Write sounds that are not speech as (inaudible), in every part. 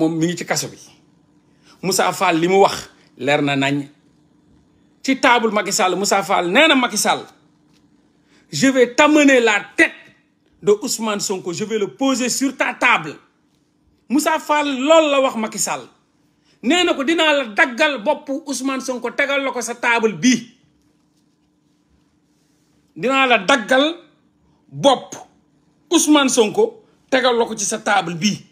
mom mi ngi ci kasso bi Moussa Fall limu wax lerr na nañ ci table Macky Sall Moussa Fall nee Macky Sall je vais t'amener la tête de Ousmane Sonko je vais le poser sur ta table Moussa Fall lol la wax Macky Sall ko dina la daggal bop Ousmane Sonko tegal lako sa table bi dina la daggal bop Ousmane Sonko tegal lako ci sa table bi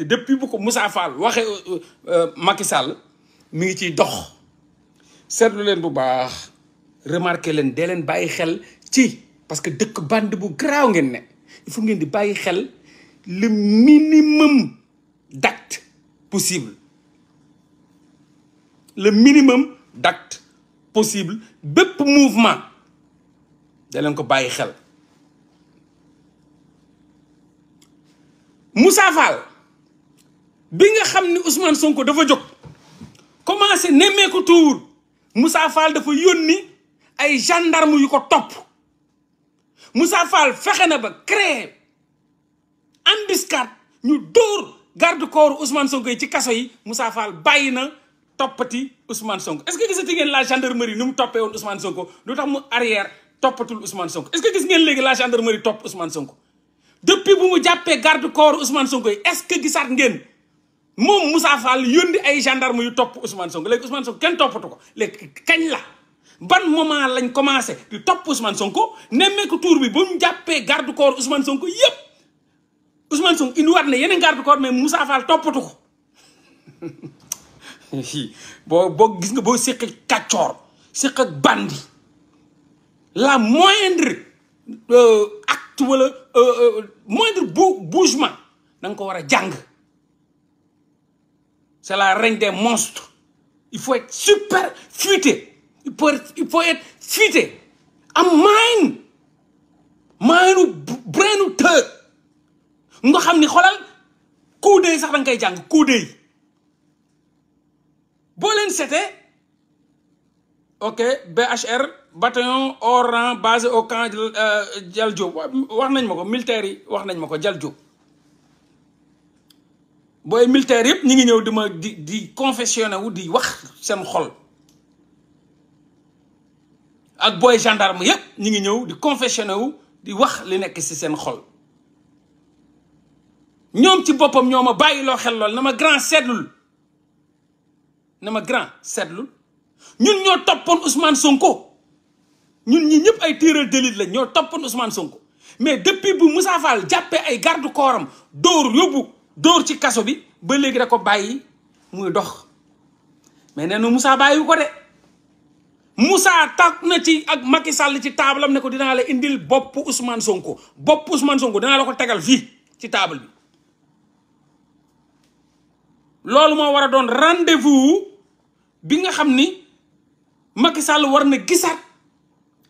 Et depuis bu Moussa Fall waxee euh, euh, euh, Macky Sall mi ngi ciy dox seetlu leen bu baax remarquer len de len bàyyi xel ci parce que deuk bande bu graw ngeen ne il faut ngeen di bàyyi xel le minimum d'acte possible le minimum d'acte possible bépp mouvement de len ko bàyyi xel Moussa Fall bi nga xamni Ousmane Sonko dafa jog commencé ko tour Moussa Fall dafa yónni ay gendarme yu ko top Moussa Fall fexena ba créer embuscade ñu door garde corps Ousmane Sonko ci kasso yi Moussa Fall bayina topati Ousmane Sonko est ce que gisati ngeen la gendarmerie num mu won Ousmane Sonko lutax mu arrière topatul Ousmane Sonko est ce que gis ngeen légui la gendarmerie top Ousmane Sonko depuis bu mu jappé garde corps Ousmane Sonko est ce que ngeen mom Moussa Fall yónni ay gendarme yu top Ousmane Sonko leg Ousmane Sonko ken toppatu ko léegi la ban moment lañ commencé di top Ousmane Sonko nemmeeku tour bi ba mu garde corps Ousmane Sonko yépp Ousmane Sonko indiwaat né yeneen garde corps mais Moussa Fall toppatu ko (laughs) bo gis nga bo séq kacior kàccoor ak bandi la moindre euh, acte wala euh, euh, moindre bougement da ko wara jang C'est la reine des monstres. Il faut être super fuité. Il faut être, il faut être fuité. am ou brain brainu te. nga xam ni xoolal kuudéy sax un Coup de kuudéy Si vous c'était. ok BHR bataillon orange, rang basé au camp euh, de Diop wax je ma ko militaire yi wax nañ ma booy militaire yëpp ñu ngi ñëw di ma di di confessionné wu di wax seen xol ak booy gendarme yëpp ñu ngi ñëw di confessionné wu di wax li nekk ci seen xol ñoom ci boppam ñoo ma bàyyi loo xel lool na ma grand seetlul na ma grand seetlul ñun ñoo toppoon Ousmane Sonko ñun ñi ñëpp ay tiiral délit lañ ñoo toppoon Ousmane Sonko mais depuis bu Moussa Fall jàppee ay garde corps am yóbbu dóor ci kaso bi ba léegi da ko bàyyi muy dox mais neen na Moussa bàyyi ko de Moussa tak na ci ak Macky sàll ci taabalam ne ko dinaa la indil bopp Ousmane Sonko bopp Ousmane Sonko danaa la ko tegal fii ci taabal bi loolu moo war a doon rendez-vous bi nga xam ni makki sàll war na gisaat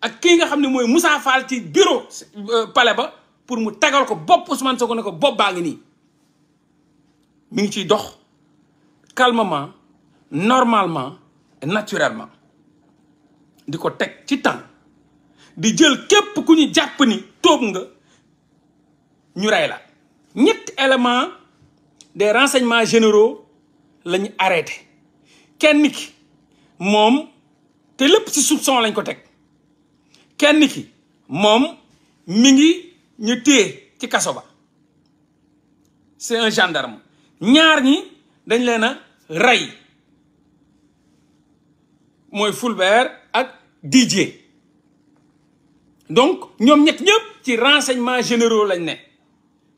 ak kii nga xam ne mooy Moussa Fall ci bureau euh, pale ba pour mu tegal ko bopp Ousmane Sonko ne ko bopp baa ngi nii mi ngi ciy dox calmement normalement et naturellement di ko teg ci temps di jël képp ku ñu jàpp ni toog nga ñu rey la ñetti éléments des renseignements généraux la arrêté kenn ki moom te lépp ci soupçon lañ ko teg kenn ki moom mi ngi ñu téye ci kaso ba c'est un gendarme ñaar ñi dañ leen a rey mooy Fulbert ak Didier donc ñoom ñett ñëpp ci renseignements généraux lañ ne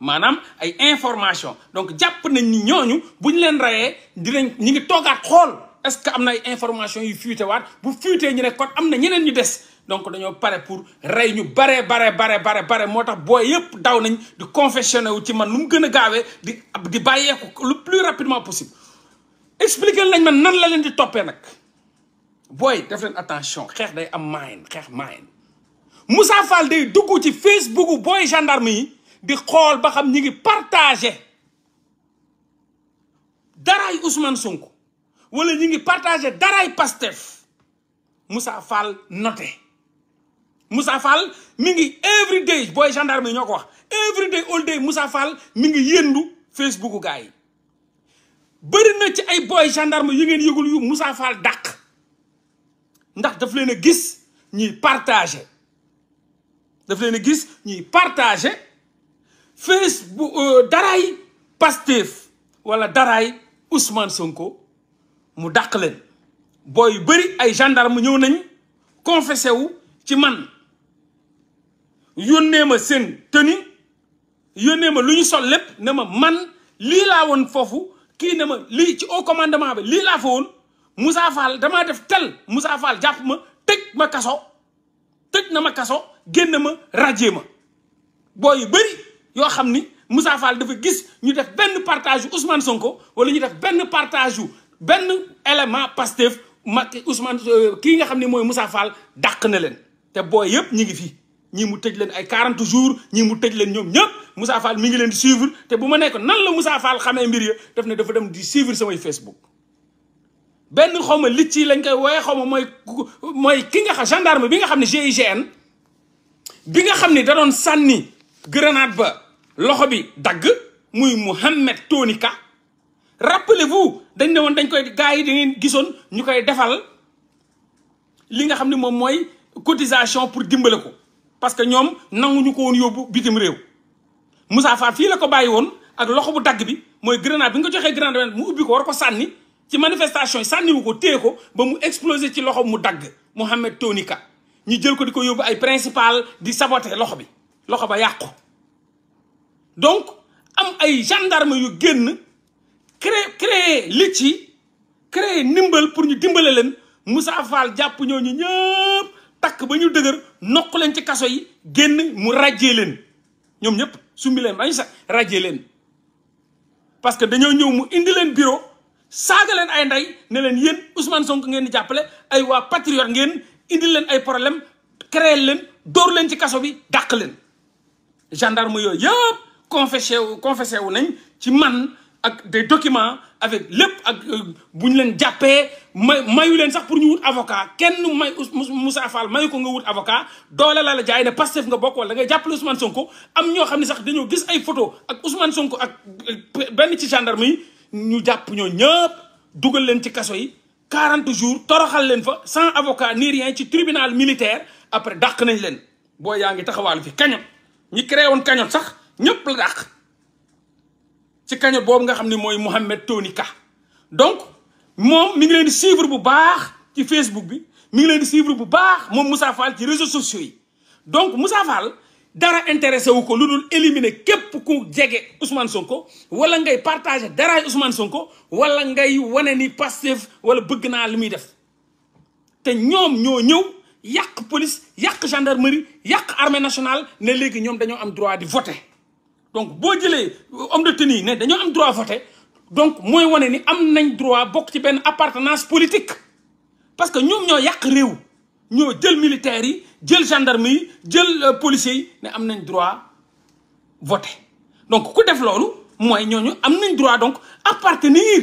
maanaam ay information donc jàpp nañ ni ñooñu bu ñu leen reyee dinañ ñi ngi toogaat xool est-ce que am na ay information yu fuité waat bu fuité ñu ne kon am na ñeneen ñu des donc dañoo pare pour rey ñu bare baré, baré, baré, baré, moo tax booy yëpp daw nañ di confessionné wu ci man nu mu gën a di di bàyyeeku le plus rapidement possible expliqué lañ man nan la leen di toppee nag booy def leen attention xeex day am maayen xeex maayen Moussa Fall day dugg ci Facebook boy gendarmerie, yi di xool ba xam ñi ngi partagé daraay Ousmane Sonko wala ñu ngi partagé daray Pastef Moussa Fall noté Moussa Fall mi ngi every day booy gendarme yi ñoo ko wax every day all day Moussa Fall mi ngi yëndu Facebooku gars yi bëri na ci ay booy gendarme yu ngeen yëgul yu Moussa Fall dàq ndax daf leen a gis ñuy partagé daf leen a gis ñuy partagé Facebook euh, daray Pastef wala daray Ousmane Sonko mu dàq leen booy yu bëri ay gendarme ñëw nañu confessé wu ci man yónnee ma seen tenue yónnee ma lu ñu sol lépp ne ma man lii laa woon foofu kii ne ma lii ci haut commandement bi lii laa fa woon Moussa Fall damaa def tel Moussa jàpp ma tëj ma kaso tëj na ma kaso génn ma raje ma booy yu bëri yoo xam ni Moussa Fall dafa gis ñu def benn partage yu Ousmane Sonko walla ñu def benn partage yu benn élément Pastef Macky Ousmane euh, kii nga xam ne mooy Moussa Fall dàq na leen te boo yëpp ñi ngi fi ñii mu tëj leen ay 40 jours ñi mu tëj leen ñoom ñëpp Moussa Fall mi ngi leen di suivre te bu ma nekkoon nan la Moussa Fall xamee mbir ya daf ne dafa dem di suivre samay Facebook. benn xaw ma lit ci lañ koy wooyee xaw ma mooy mooy ki nga xam gendarme bi nga xam ne GIGN bi nga xam ne da doon sànni grenade ba loxo bi dagg muy Mouhamed Tonika. rappelez-vous dañ néwon dañ koy gaay yi defal li nga cotisation pour les parce que nous, nanguñu ko won yóbbu bitim réew Moussa Fall fi la ko fait des ak loxo bu bi moy grenade bi nga grenade mu ubbi ko war ko manifestation ko ba ci loxo mu Dag, Mohamed jël ko principal saboter donc am gendarme créer créer litchi créer ndimbal pour ñu dimbale leen Moussa Fall jàpp ñooñu ñëpp takk ba ñu dëgër nokk leen ci kaso yi génn mu ràjjee leen ñoom ñëpp sumbi leen bañu sax ràjjee leen parce que dañoo ñëw mu indi leen bureau saaga leen ay ndey ne leen yéen Ousmane sonk ngeen di jàppale ay waa patriote ngeen indi leen ay problème créer leen dóor leen ci kaso bi dàq leen gendarme yooyu yëpp confessé wu wu nañ ci man ak des documents avec lepp ak euh, bu len jappé mayu len sax pour ñu wut avocat kenn may Moussa Fall mayu ko nga wut avocat doole la la jaay ne Pastef nga bokk wala nga jàppale Ousmane Sonko am ñoo xamni sax dañu gis ay photo ak Ousmane Sonko ak euh, benn ci gendarme ñu japp ñoo ñepp duggal len ci kasso yi 40 jours toroxal len fa sans avocat ni rien ci tribunal militaire après dakk nañ len bo yaangi taxawal fi kañot ñi créé won kañot sax ñepp la dakk ci kaño y nga xamni moy mohammed tonika donc mom mi ngi di suivre bu ci Facebook bi mi ngi leen di suivre bu baax mom Moussa ci réseaux sociaux donc Moussa Fall dara intéressé wu ko éliminer képp ku partagé Ousmane Sonko wala ngay partager Ousmane Sonko wala ngay ni wala bëgg na def té ñom ñoo ñëw yak police gendarmerie armée nationale ne légui ñom dañoo am droit di voter donc boo jëlee euh, homme de tenue ne dañoo am droit voter donc moi wane ni am nañ droit bokk ci benn appartenance politique parce que ñoom nous yàq réew ñoo jël militaires yi jël gendarme yi jël euh, policiers yi ne am nañ droit voter donc ku def loolu moi nous am nañ droit donc appartenir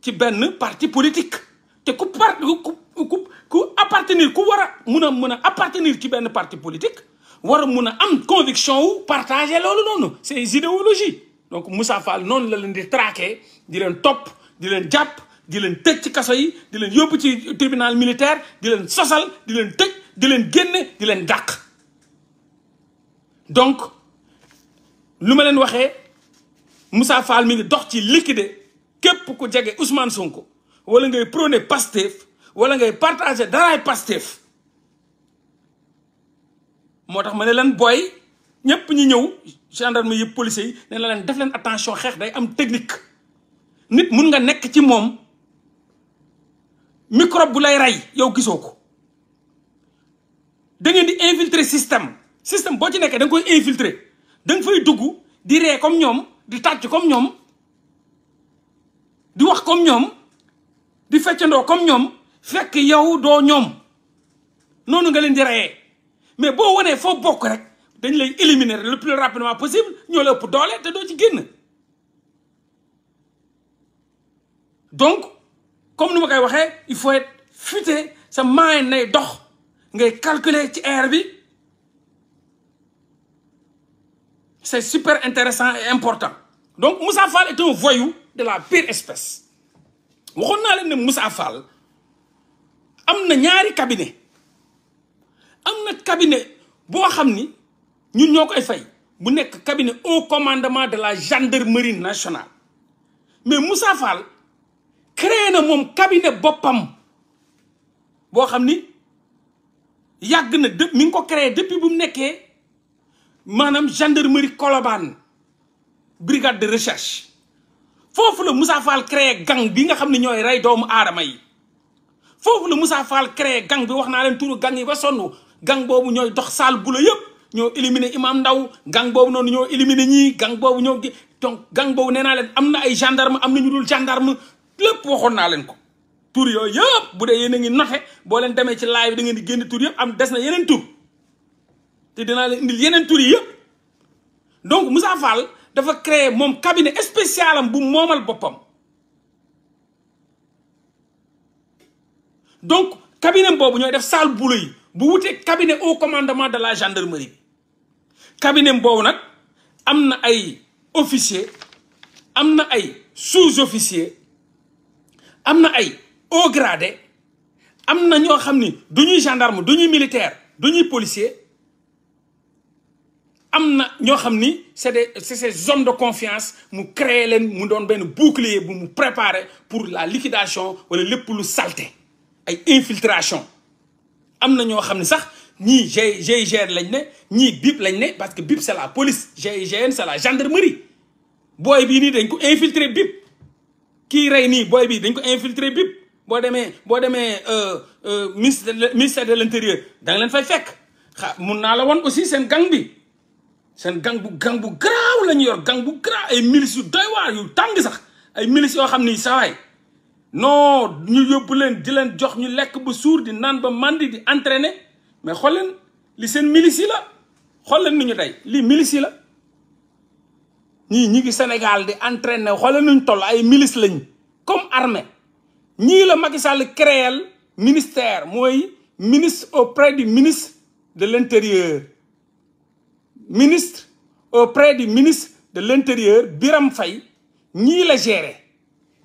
ci benn parti politique te ku part ku ku appartenir ku war a mun appartenir ci benn parti politique war a am conviction ou partager loolu nonou ces idéologies donc Moussa Fall non la len di traquer di len top, di len japp di len tecc ci kasso yi di len yop ci tribunal militaire di len sosal di len tecc di len génne di len dàq donc luma len leen Moussa Fall mi dox ci liquider képp ku jege Ousmane Sonko wala ngay prôner Pastef wala ngay partager daraay Pastef moo tax ma ne leen booy ñëpp ñi ñëw gendarme yëpp policiers yi ne leen def leen attention xeex day am technique nit mun nga nekk ci moom microbe bu lay rey yow gisoo ko da di infiltrer système système boo ci nekkee danga nga koy infiltrer da fay dugg di ree comme ñoom di tàcc comme ñoom di wax comme ñoom di feccandoo comme ñoom fekk yow doo ñoom noonu nga leen di reyee mais boo on est fort On dañ lay éliminer le plus rapidement possible va les ëpp et te va ci donc comme nous vous il faut être futé sa un nay dox ngay calculer ci sur c'est super intéressant et important donc Moussa Fall est un voyou de la pire espèce vous connaissez leen Moussa Fall am a ñaari cabinet am cabinet bo xamni ñun ñokoy fay bu nek cabinet au commandement de la gendarmerie nationale mais Moussa Fall créé na mom cabinet bopam bo xamni yag na de mi ngi ko créé depuis bu mu manam gendarmerie Colobane brigade de recherche fofu le Moussa Fall créé gang bi nga xamni ñoy ray doomu adamay fofu le la Moussa Fall créé gang bi wax naa leen turu gang yi ba sonu gang bobu ñoy dox sal bu la ñoo éliminer imam ndaw gang bobu non ñoo éliminer ñi gang bobu ñoo donc gang bobu nee naa leen ay gendarme amna ñu dul gendarme lepp waxon na len ko tour yo yëpp bu dé yéen a ngi note boo leen demee ci live da ngeen di génn tour yëpp am des na yeneen tour té dina leen indi yeneen tour yi donc Moussa Fall dafa créer mom cabinet spécial am bu momal bopam donc cabinet bobu ñoy def saal bulo yi bu wuté cabinet au commandement de la gendarmerie cabinet est nak amna ay officier amna ay sous-officier amna ay haut gradé amna ño xamni xam gendarme qui militaire policier c'est des ces hommes de confiance mu créer len mu don ben bouclier bu mu préparer pour la liquidation wala pour lu salté ay infiltration am na ñoo xam ne sax ñii GIGN lañ ne ñii BIP lañ ne parce que BIP c'est la police GIGN c'est gendre gendarmerie booy bii nii dañ ko infiltrer BIP kii rey nii booy bii dañ ko infiltrer BIP boo demee boo demee euh, euh, ministère de l'intérieur da nga leen fay fekk mun naa la wan aussi seen gang bi seen gang bu gang bu la ñu yor gang bu garaaw ay milices yu doy waar yu tàng sax ay milices yoo xam ni sawaay non nous sommes di gens jox ñu di mais regardez, li milice la milices. ni Sénégal di entraîner xool leen comme armée Nous, le magistrat ministère ministre auprès du ministre de l'intérieur ministre auprès du ministre de l'intérieur Biram Fay, ni la gérer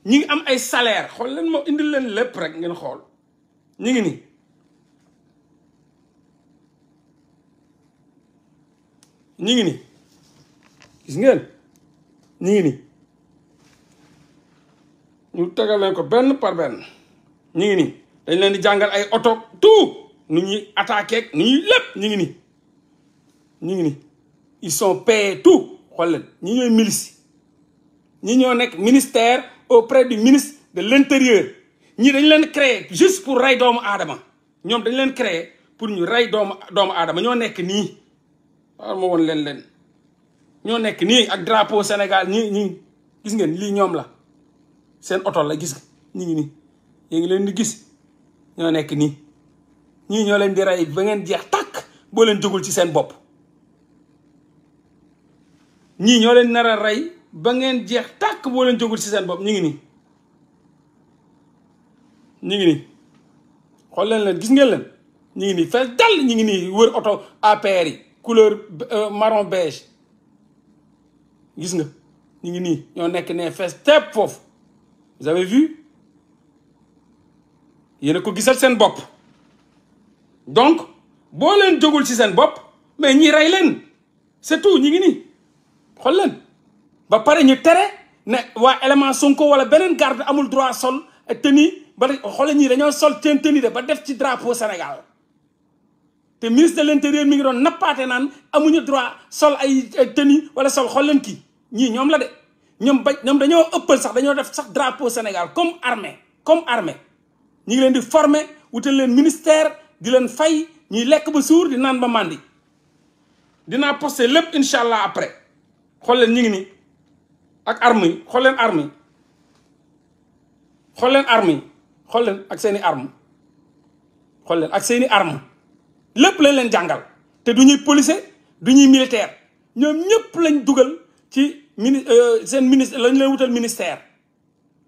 ñi ngi am ay salaire xool leen moo indil leen lépp rek ngeen xool ñi ngi ni ñi ngi ni gis ngeen ñi ngi ni ñu tegal leen ko benn par benn ñi ngi ni dañ leen di jàngal ay oto tout nu ñuy attaqué nu ñuy lepp ñi ngi ni ñi ngi ni ils sont payés tout xool leen ñi ñooy milice ñi ñoo nekk ministère auprès du ministre de l'intérieur ñii dañ leen créer juste pour rey doomu aadama ñoom dañ leen créer pour ñu rey doomu doomu aadama ñoo nekk nii waaw ma woon leen leen ñoo nekk nii ak drapeau Sénégal ñi ñi gis ngeen lii ñoom la seen oto la gis ñi ngi nii yéen ngi leen di gis ñoo nekk nii ñii ñoo leen di rey ba ngeen jeex tàkk boo leen jógul ci seen bopp ñii ñoo leen nar a ba ngeen jeex tak bo len jógul ci sen bop ñu ngi nii ñu ngi nii xool leen leen gis ngeen len ñu ngi nii fees dal ñu ngi nii wër auto APR couleur euh, marron beige gis nga ñu ngi nii ñoo nek né fess tepp fof vous avez vu yéen ko gissal sen bop donc bo len jógul ci sen bop mais ñi ray len c'est tout ñu ngi nii xool leen ba paré ñu téré ne wa élément Sonko wala benen garde amul droit sol tenue ba xoolal ñii dañoo sol seen tenue de ba def ci drapeau Sénégal té ministre de l'intérieur mi ngi doon napaté nan amuñu droit sol ay tenue wala sol xol leen ki ñi ñom la dé ñom ba ñoom dañoo ëppal sax dañoo def sax drapeau Sénégal comme armée comme armée ñi ngi leen di former wutal leen ministère di leen fay ñi lek ba sour di nan ba mandi dina poster lépp inshallah après xol leen ñi ngi ak arme yi xool leen arme yi xool leen arme yi ak seeni arme xool leen ak seeni arme lépp lañ leen jàngal te du ñuy policier du ñuy militaire ñoom ñëpp lañ dugal ci mini euh, seen ministre lañ leen wutal ministère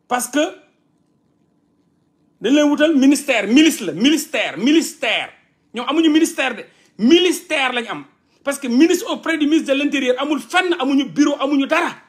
parce que dañ leen wutal ministère milice la ministère ministère ñoom amuñu ministère de ministère lañ am parce que ministre auprès du ministre de l'intérieur amul fenn amuñu bureau amuñu dara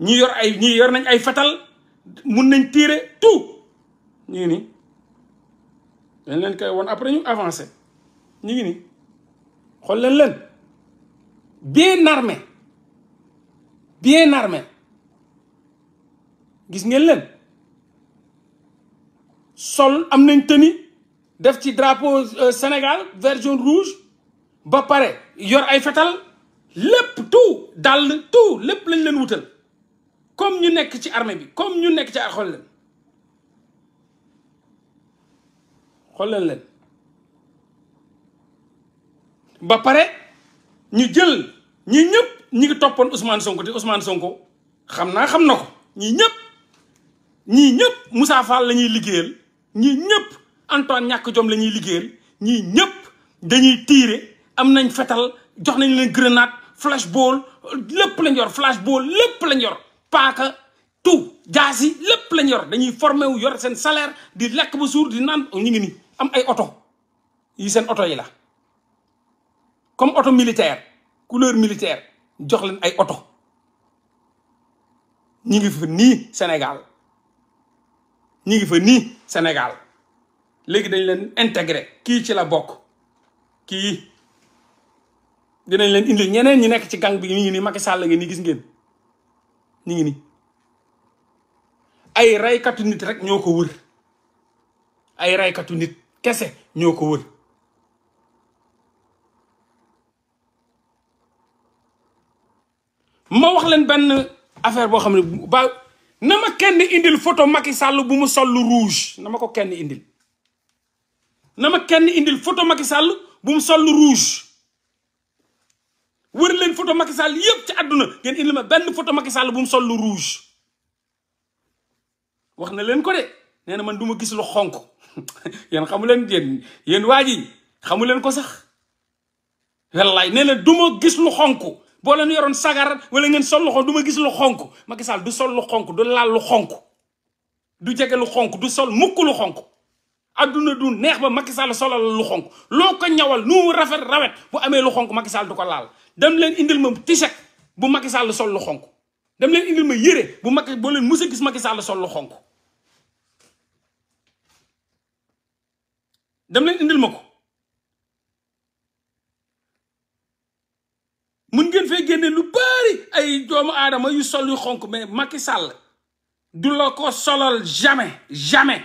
ñi yor ay ñi nañ ay fetal mun nañ tirer tout ñu ngi nii dañ leen koy won après ñu avancé ñu ngi nii xool leen leen bien armé bien armé gis ngeen leen sol am nañ tenue def ci drapeau euh, Sénégal vert jaune rouge ba pare yor ay fetal lépp tout dàll tout lépp lañ leen wutal comme ñu nekk ci armée bi comme ñu nekk ci a xool leen xool leen leen ba pare ñu jël ñi ñëpp ñi ngi toppoon Ousmane Sonko te usmaan Sonko xam naa xam na ko ñii ñëpp ñii ñëpp Moussa Fall la ñuy liggéeyal ñii ñëpp Antoine ñàkk jom la ñuy liggéeyal ñii ñëpp dañuy tiire am nañ fetal jox nañ leen grenade flash ball lépp lañ yor flash ball lépp lañ yor paaka tout jaas yi lépp lañ yor dañuy formé wu yor seen salaire di lekk ba suur di naan ñu ngi nii am ay oto yi seen oto yi la comme oto militaire couleur militaire jox leen ay oto ñi ngi fa nii Sénégal ñi ngi fa nii Sénégal léegi dañ leen intégré kii ci la bokk kii dinañ leen indil ñeneen ñi nekk ci gang bi ñu ngi nii Macky Sall la ngeen ni gis ngeen ñu ay raykatunit rek ñoo ko wër ay raykatu nit kese ñoo ko wër ma wax leen benn affaire boo xam ne ba na ma kenn indil photo Macky Sall bu mu sol lu rouge na ma ko kenn indil na ma kenn indil photo Macky Sall bu mu sol lu wër leen photo Macky Sall yëpp ci àdduna ngeen indi ma benn photo Macky Sall bu mu sol lu rouge wax na leen ko de nee na man du ma gis lu xonk (laughs) yéen xamu leen yéen yéen waa ji xamu leen ko sax wallaay nee na du gis lu xonk boo leen yoroon sagar wala ngeen sol du ma gis lu xonk Macky Sall du sol lu xonk du laal lu xonk du jege lu xonk du sol mukk lu xonk adduna du neex ba Macky Sall solal lu xonk loo ko ñawal nu rafet rawet bu amee lu xonk Macky Sall du ko laal dem leen indil ma t bu Macky Sall sol lu xonk dem leen indil ma yére bu Macky boo leen mës a gis Macky Sall sol lu xonk dem leen indil ma ko mun ngeen fee génne lu bari ay doomu aadama yu sol yu xonk mais Macky Sall du la ko solal jamais jamais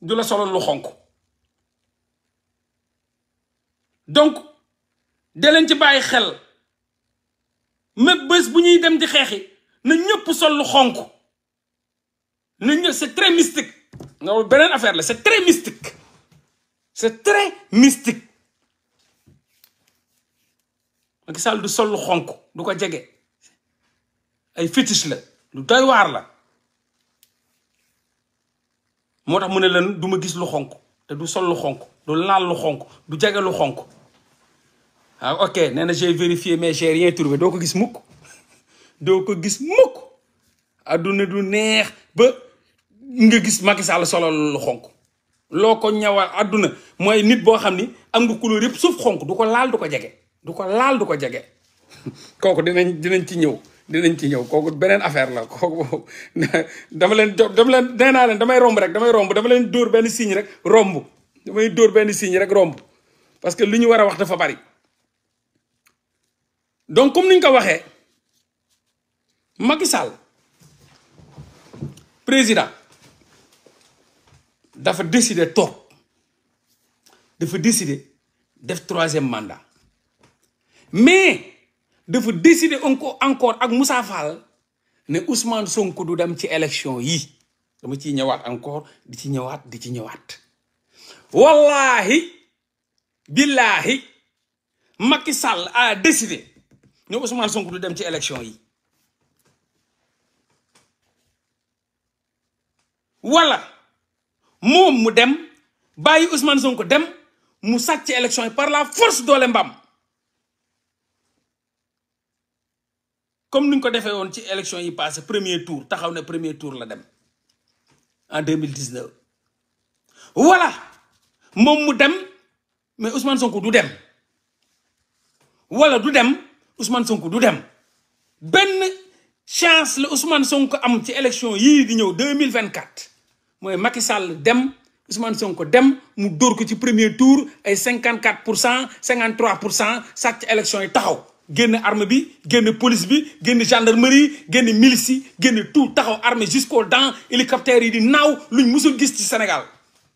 du la solal lu xonk donc de leen ci bàyyi xel na bes bu ñuy dem di xeexi na ñëpp sol lu xonku na ñëpp c'est très mystique non benen affaire la c'est très mystique c'est très mystique ak sal du sol lu xonku du ko jege ay fétiche la lu doy war la motax mu ne leen duma gis lu xonku te du sol lu xonku du laal lu xonku du jege lu xonku ah, ok j'ai vérifié mais j'ai rien trouvé Donc gis ne doo gis mukk adduna du neex ba nga gis lu xonk ko ñawal nit am nga couleur yep suuf xonk du laal duko laal duko (laughs) dinañ dinañ ci affaire la (laughs) dama l'en dama len romb rek romb dama len signe rek romb damay signe parce que liñu wara donc comme ni ñu ko waxee Macky Sall président dafa décider toog dafa décider def troisième mandat mais defa décider encore encore ak Moussa Fall ne Ousmane Sonko du dem ci élection yi dama ciy ñëwaat encore di ci ñëwaat di ci ñëwaat wallahi billahi Macky Sall a décidé Nous, Ousmane Sonko du dem ci élection yi wala moom mu dem bàyyi Ousmane Sonko dem mu sàcc ci élection yi par la force de mbam comme nous ñu ko defee ci élection yi passé premier tour taxaw le premier tour la dem en 2019 voilà moom mu dem mais Ousmane Sonko du dem wala Dou dem Ousmane Sonko du dem Ben chance le Ousmane Sonko am ci élection yi di 2024. 2024 mille Macky Sall dem Ousmane Sonko dem mu dóor ko ci premier tour ay 54%, 53%, pour ci élection yi taxaw genn arme bi genn police bi genn gendarmerie genn milice genn tout taxaw armée jusqu'au dents hélicoptère yi di naw luñ musul gis ci Sénégal.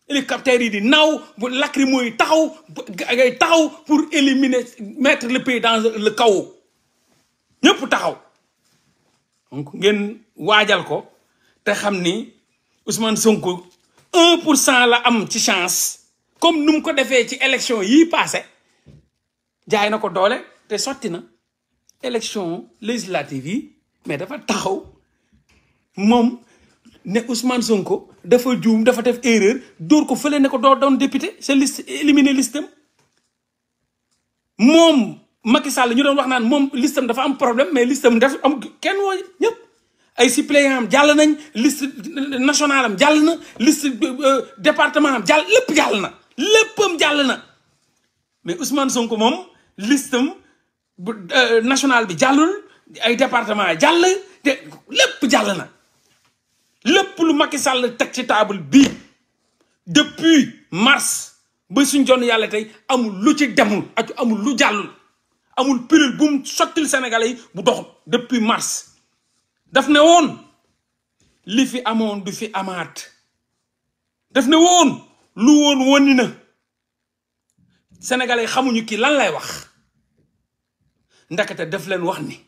L'hélicoptère yi di pour éliminer mettre le pays dans le chaos Ne donc te Ousmane Sonko la chance comme nous fait l'élection élection y passé élection législative mais Ousmane Sonko dafa juum dafa def erreur dóor ko fële ne ko doo doon député sa liste éliminer listam moom Macky Sall ñu doon wax naan moom listam dafa am problème mais listam def am kenn woo ñëpp ay suppléant am jàll nañ liste national am jàll na liste euh, département am jàll lépp jàll na léppam jàll na mais Ousmane Sonko moom listam euh, national bi jàllul ay département jàll te lépp jàll na lépp lu Macky Sall teg ci table bii depuis mars ba suñ jonn yàlla tey amul lu ci demul ak amul lu jàll amul pilule bu mu sottil Sénégalais yi bu doxul depuis mars daf ne woon li fi amoon du fi amaat daf ne woon lu woon woni na Sénégalais yi xamuñu kii lan lay wax ndakate daf leen wax ni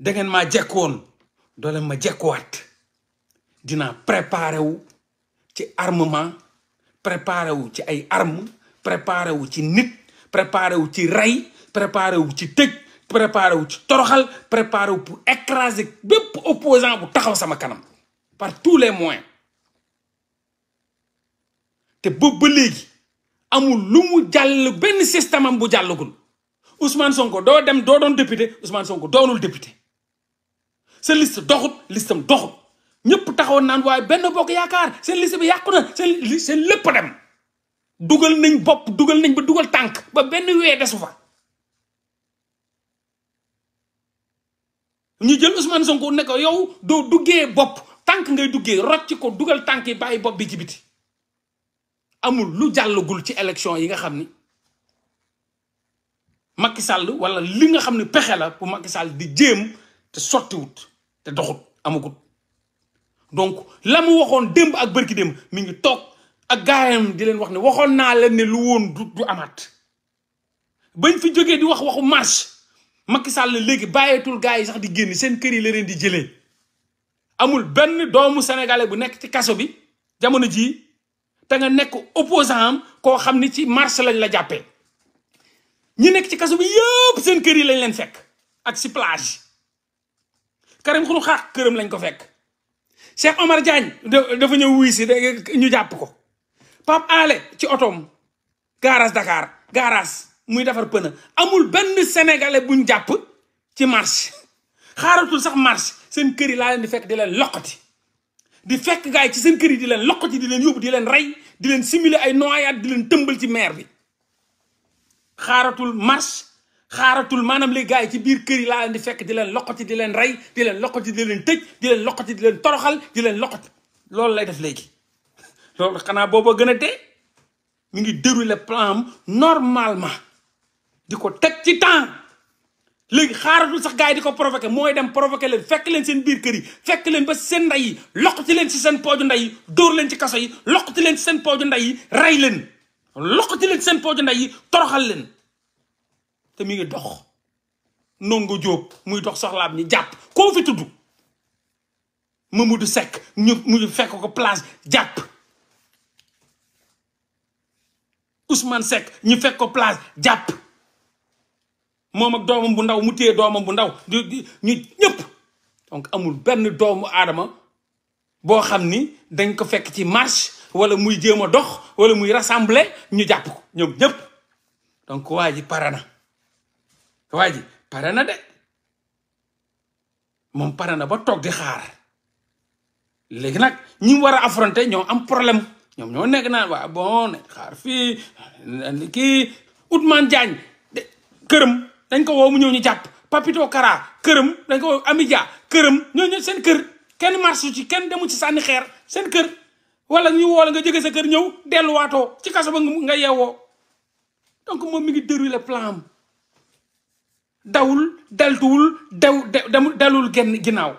dangeen maa jekk woon doole ma jekkuwaat dinaa préparé wu ci armement préparé wu ci ay arme préparé wu ci nit préparé wu ci ray préparé wu ci tëj préparé wu ci toroxal préparé wu pour écraser bépp opposant bu taxaw sama kanam par tous les moins te boobu ba léegi amul lu mu jàll benn système am bu jàllagul Ousmane Sonko doo dem doo doon député Ousmane Sonko doonul député seen liste doxut listam doxut ñëpp taxawoon naan waaye benn bokk yaakaar seen liste bi yàqu na seen li seen dem dugal nañ bopp dugal nañ ba dugal tànk ba benn wee desu fa ñu jël Ousmane Sonko ne ko yow doo duggee bopp tànk ngay duggee rocc ko dugal tànk yi bàyyi bopp bi ci biti amul lu jàllagul ci élection yi nga xam ni Macky sàll wala li nga xam ne pexe la pour Macky Sall di jéem te sottiwut te doxut amagut donc la mu waxoon démb ak bërki démb mi ngi toog ak gaayam di leen wax ne waxoon naa leen ne lu woon du du amaat bañ fi jógee di wax waxu marche Macky Sall la léegi bàyyeetul gars yi sax di génn seen kër yi la leen di jëlee amul benn doomu sénégalais bu nekk ci kaso bi jamono jii te nga nekk opposant koo xam ni ci marche lañ la jàppee ñi nekk ci kaso bi yëpp seen kër yi lañ leen fekk ak si plage Karim khunu Xax këram lañ ko fekk Cheikh Omar Diagne dafa ñëw wuy si ñu jàpp ko pap ale ci otom garage Dakar garage muy defar pëna amul Ben sénégalais buñ japp ci marche xaratul sax marche seen kër yi la leen di fek di leen loqati di fek gars ci seen kër yi di leen loqati di leen yobbu di leen ray di leen simuler ay noyade di leen teumbal ci maire bi xaratul marche xaaratul maanaam les gars yi ci biir kër yi laa leen di fekk di leen loqati di leen rey di leen loqati di leen tëj di leen loqati di leen toroxal di leen loqati loolu lay def léegi loolu xanaa booba gën a dee mi ngi dérouler plan am normalement di ko teg ci temps léegi xaaratul sax gars yi di ko provoqué mooy dem provoqué leen fekk leen seen biir kër yi fekk leen ba seen ndey yi loqati leen ci seen pooju ndey yi dóor leen ci kaso yi loqati leen ci seen pooju ndey yi rey leen loqati leen ci seen pooju ndey yi toroxal leen te mi ngi dox nongo jóob muy dox soxlaam ñi jàpp koo fi tudd Mamadou Seck mu fekk ko place jàpp Ousmane Seck ñu fekk ko place jàpp moom ak doomam bu ndaw mu téye doomam bu ndaw di ñu ñëpp donc amul benn doomu aadama boo xam ni dañ ko fekk ci marche wala muy jéem a dox wala muy rassembler ñu jàpp ko ñoom ñëpp donc waa ji pare na waji para na de para pare na ba tok di xaar léegi nak ñi wara affronter ñoo am problème ñom ñoo nek na wa bon ne xaar fii ki Ousmane jagn de këram dañ ko wo mu ñëw ñu japp Papito Kara këram dañ ko Amidia këram ñoo ñu seen kër kenn marche ci kenn demu ci sanni xeer seen kër wala ñu wol nga jóge sa kër delu delluwaatoo ci kasso ba nga yewoo donc mom mi ngi dérouler plan dawul deltuwul dew demul delul genn ginnaaw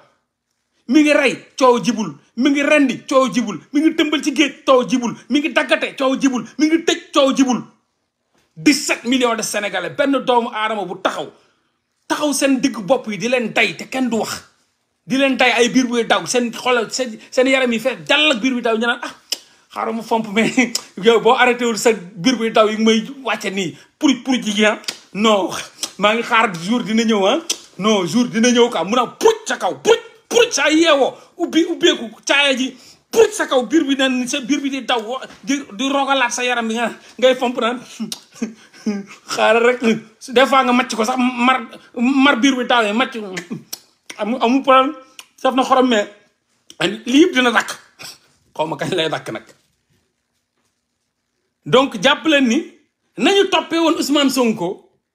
mi ngi rey coow jibul mi ngi rendi coow jibul mi ngi tëmbal ci géej coow jibul mi ngi daggate coow jibul mi ngi tëj coow jibul 17 millions de sénégalais benn doomu aadama bu taxaw taxaw seen digg bopp yi di leen day te kenn du wax di leen day ay biir buy daw seen xoolal seen seen yaram yi fees dal ak biir buy daw ñu naan ah fomp mais (laughs) boo arrêté wul sa biir buy yi may wàcce nii pour pour jigéen ah. non ma ngi xaar jour dina ñëw ha ah. non jour dina ñëw ka mu na puc ca kaw puc ca sa ubi ubi ku caaya ji puc ca kaw bir bi nan sa bir bi di daw oh, di di rogalat sa yaram bi nga ah, ngay fomp nan (laughs) xaar rek des fois nga macc ko sax mar mar bir bi daawee macc amu amu problème saf na xorom mais lii yëpp dina dakk xawma kañ lay dak nak donc jàpp leen ni nañu topé won Ousmane Sonko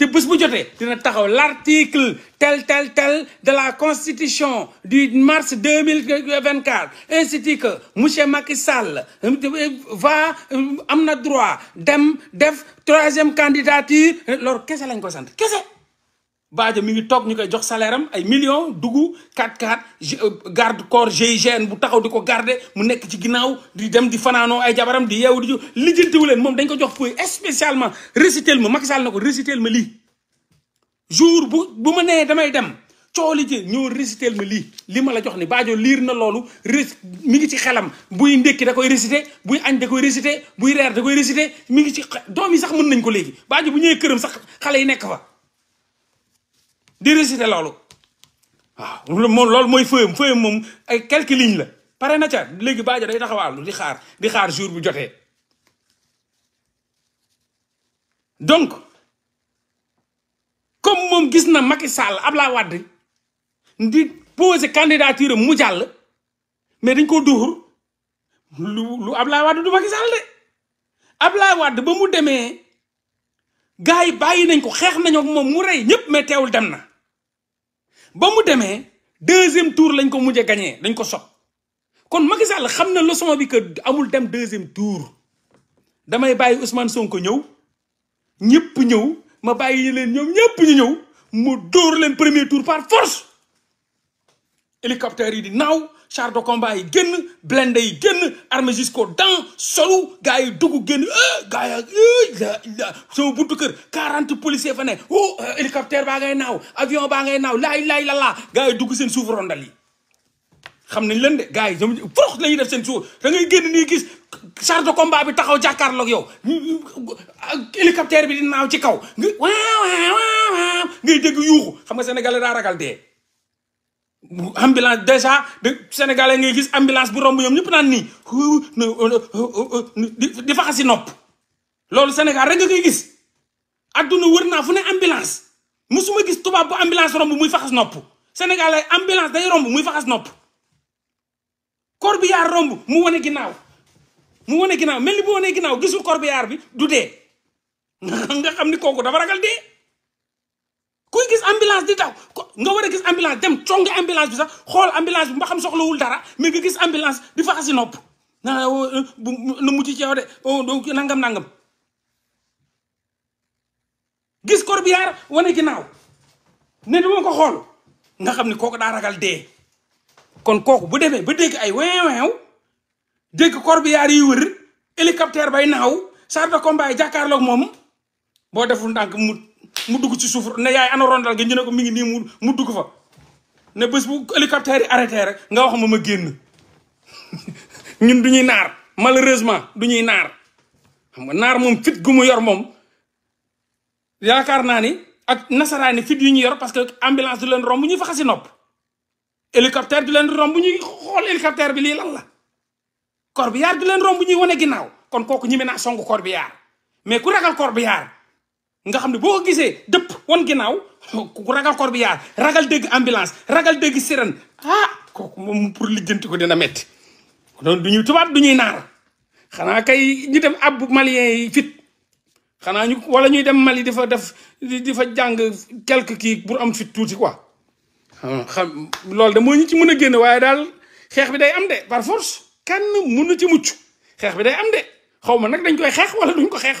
l'article tel tel tel de la constitution du mars 2024 ainsi que monsieur Macky Sall euh, va euh, amener le droit dem troisième candidature Alors qu'est-ce que c'est baajo mi ngi toog ñu koy jox salaire am ay millions dugg 4-4 euh, garde corps GIGN bu taxaw di ko garde mu nekk ci ginnaaw di dem di fanaanoo ay jabaram di yeewu di ju lijjantiwu leen moom dañ ko jox puy spécialement récitel ma Macky Sall ko récitel ma lii jour bu bu ma nee damay dem cooli ji ñoo récitel ma lii li ma la jox ni baajo liir na loolu ré mi ngi ci xelam buy ndékki da koy récité buy añ da koy récité buy reer da koy récité mi ngi ci doom yi sax mën nañ ko léegi Badio bu ñëwee këram sax xale yi nekk fa di réciter loolu waaw moom loolu mooy fëyam fëyam moom ay quelques la pare na ca léegi baaja day taxawaalu di xaar di xaar jour bu jotee donc comme moom gis na Macky Sall Abdoulaye Wade di poser candidature mu jàll mais dañ ko duur lu lu Abdoulaye Wade du Macky Sall de ba mu demee gars yi bàyyi nañ ko xeex nañoo moom mu rey ñëpp mais teewul dem na ba mu demee deuxième tour lañ ko mujj a gagné dañ ko sot kon Macky Sall xam na leçon bi que amul dem deuxième tour damay bàyyi Ousmane Sonko ñëw ñëpp ñëw ma bàyyi leen ñoom ñëpp ñu ñëw mu door leen premier tour par force hélicoptère yi di naaw char de combat yi génn blindé yi génn armé jusqu'aux dents solu gars yi dugg génn eh, gars yi sama eh, buntu kër quarante policiers fa ne oh, eh, hélicoptère baa ngay naaw avion baa ngay naaw laay laay la laa gars dugg seen suuf yi xam nañ leen de gars yi la ñuy def seen suuf da génn nii gis char de combat bi taxaw jàkkaarloog yow hélicoptère bi di naaw ci kaw nga waaw waaw waaw ngay dégg yuuxu xam nga sénégalais daa ragal dee ambulance déjà de sénégalais ngay gis ambulance bu romb ñoom ñëpp naan nii di faxa nopp loolu Sénégal rek nga koy gis adduna wër naa fu ne ambulance musuma gis tubaab bu ambulance romb muy faxas nopp sénégalais ambulance day romb muy faxas nopp corbillard romb mu wane ginnaaw mu wane ginnaaw mel ni bu wane ginnaaw gisul corbillard bi du dee (laughs) nga xam ni kooku dafa ragal dee kuy gis ambulance di daw nga war a gis ambulance dem cong ambulance bi sax xool ambulance bi mba xam soxlawul dara mais nga gis ambulance di faxasi nopp na na mucc ci yow de nangam nangam gis corbillard wane ginnaaw ne dama ko xool nga xam ne kooku daa ragal dee kon kooku bu demee ba dégg ay weew weew dégg corbillard yi wër hélicoptère bay naaw char de combat yi jàkkaarloog moom boo deful ndànk mu mu dugg ci suuf ne yaay ana rondal ga ñu ne ko mi ngi ni mu mu dugg fa ne bés bu hélicoptère yi arrêté rek nga wax ma ma génn (laughs) ñun duñuy ñuy naar malheureusement duñuy ñuy naar xam nga naar moom fit gu mu yor moom yaakaar naa ni ak nasaraani fit yu ñu yor parce que ambulance du leen romb ñu fa xasi nopp hélicoptère du leen romb ñuy xool hélicoptère bi lii lan la corbillard du leen romb ñuy wane ginnaaw kon kooku ñi mën naa song corbillard mais ku ragal corbillard nga xam ne gisé depp won ginaaw wan ginnaaw ku ragal corbillard ragal deug ambulance ragal deug sirène ah kooku mom pour lijjanti ko dina metti don duñu ñuy tubaab nar xana kay ñu dem ab malien yi fit xana ñu wala ñuy dem Mali difa def difa jang quelque ki pour am fit touti quoi ah, xam lool de moo ñu ci mëna genn waye dal xex bi day am de par force kenn mënu ci muccu xex bi day am de xawma nak dañ koy xex wala duñ ko xex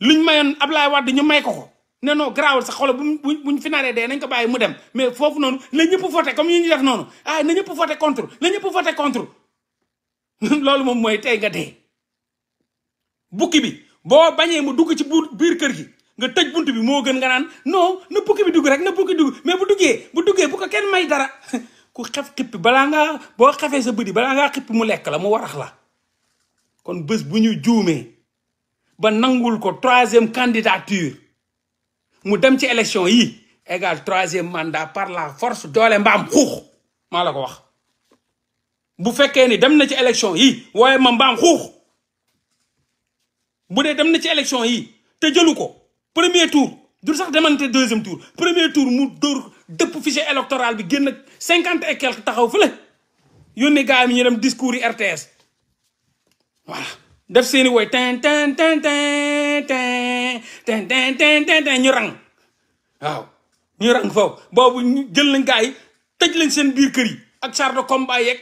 liñ mayoon Ablaye Wade ñu may ko ko ne non garaawul sax xoolal buñ buñ fi naree dee nañ ko bàyyi mu dem mais foofu noonu la ñëpp voté comme yi ñu def noonu ah na ñëpp voté contre la ñëpp voté contre (laughs) loolu moom mooy tey nga dee. bukki bi boo bañee mu dugg ci biir kër gi nga tëj bunt bi moo gën nga naan non na bukki bi dugg rek na bukki dugg mais bu duggee bu duggee bu ko kenn may dara (laughs) ku xef xippi balaa ngaa boo xefee sa bët yi balaa ngaa xippi mu lekk la mu warax la kon bés bu ñu juumee. ba nangul ko troisième candidature mu dem ci élection troisième mandat par la force de mbam malako la wax bu fekkee ni dem na ci élection yi waaye ma vous bu dem na ci élection yi premier tour du sax demante deuxième tour premier tour mu dóor troisième fichier électoral bi 50 et quelques taxaw Vous yónnee gars ñu dem discours RTS voilà def seeni woy ten ten ten ten ten ten ten ñu rang waaw ñu rang foofu boobu jël nañ gars yi tëj lañ seen biir kër yi ak char de combat yeeg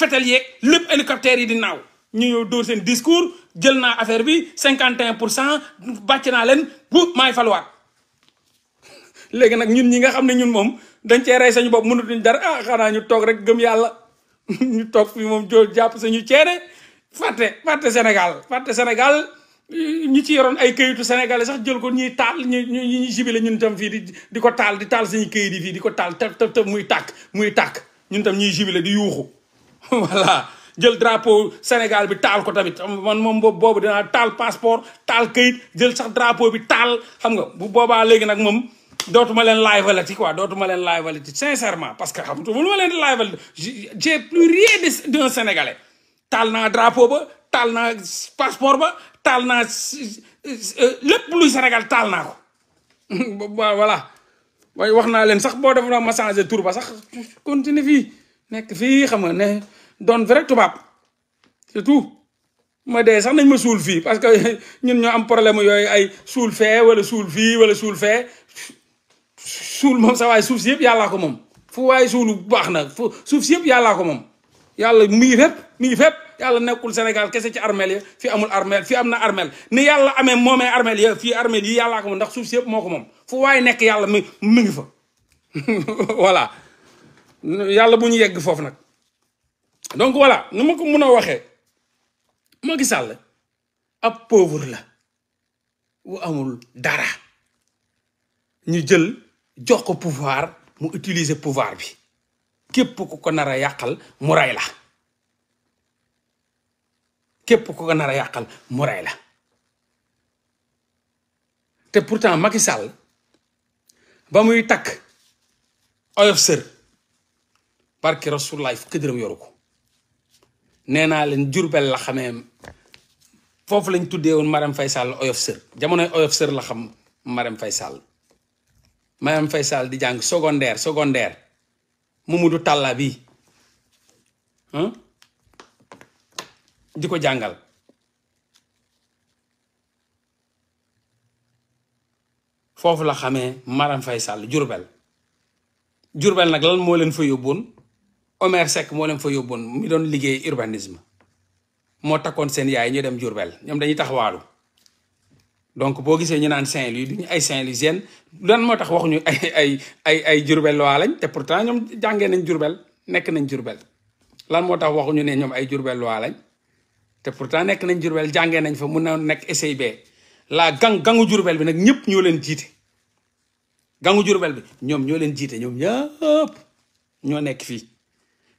fetel yeeg lépp hélicoptère yi di naaw ñu ñëw dóor seen discours jël naa affaire bi cinquante et un pour cent bàcc naa leen bu maay faluwaat léegi nag ñun ñi nga xam ne ñun moom dañ cee rey sañu bopp mënatuñ dara ah xanaa ñu toog rek gëm yàlla ñu toog fii moom joo jàpp sañu ceene faté faté Sénégal faté Sénégal ñi ci yoroon ay këyitu sénégalais sax jël ko ñi taal ñi ñi ñu jibile ñun tam fi di di taal di taal suñu këyit fi diko tal ko taal tëb tëb tëb muy tak muy tak ñun tam ñi jibile di yuxu (laughs) voilà jël drapeau Sénégal bi taal ko tamit man mom bobu dina taal passeport taal këyit jël sax drapeau bi taal xam nga bu boobaa léegi nag moom dootuma leen laayivalati quoi dootuma leen laayivalati sincèrement parce que xam nga lu ma j'ai plus rien d'un Sénégalais. taal naa drapeau ba taal naa passeport ba taal naa euh, lépp luy senegal taal naa (laughs) voilà waaye wax naa sax bo def na ma changer tour ba sax continue fi nek fi xam nga ne doon vrai c'est tout ma dee sax nañ ma suul fi parce que (laughs) ñun ñoo am problème yoy ay suul fee wala suul fi wala suul fee suul moom sa way suuf si yalla ko mom fu waaye suulu baax na fu suuf yalla ko mom yalla mi ngi fépp mi ngi yàlla nekkul Sénégal kese ci armeel ya fii amul armeel fii am na armeel ni yàlla amee moomee armeel ya fii armeel yi yàllaa ko moom ndax suuf si yëpp moo ko moom fu waaye nekk yàlla mi ngi fa (laughs) yàlla bu ñu yegg foofu nag donc voilà nu ma ko mun a waxee Macky Sall ab pauvre la wu amul dara ñu jël jox ko pouvoir mu utiliser pouvoir bi képp ku ko nar a yàqal mu rey la képp ku ko nar a yàqal mu rey la te pourtant Macky Sall ba muy takk oyof sër barki Rasulullah fukki dërëm yoru ko nee naa leen Jurbel la xamee foofu lañ tuddee woon fay Faye Sall oyof sër jamonoy oyof sër la xam Marème Faye Sall Marème Faye Sall di jàng secondaire secondaire Mamadou Talla bii di jangal fofu la xamé Maram Fay Jurbel Jurbel nak lan molen len fa yobone Omer sek mo len fa yobone mi don urbanisme Mota takone sen yaay ñu dem Jurbel ñom dañuy walu donc bo gisee ñu nan Saint-Louis duñu ay Saint-Louisienne lan mo tax ñu ay ay ay ay Jurbel wa lañ te pourtant ñom jangé nañ Jurbel nek nañ Jurbel lan mo tax ñu ne ñom ay Jurbel wa lañ te pourtant nek nañ Jurbel jangé nañ fa mun nek essay la gang gangu Jurbel bi nak ñëpp ñoo leen jité gangu Jurbel bi ñom ñoo leen jité ñom ñëpp ñoo nek fi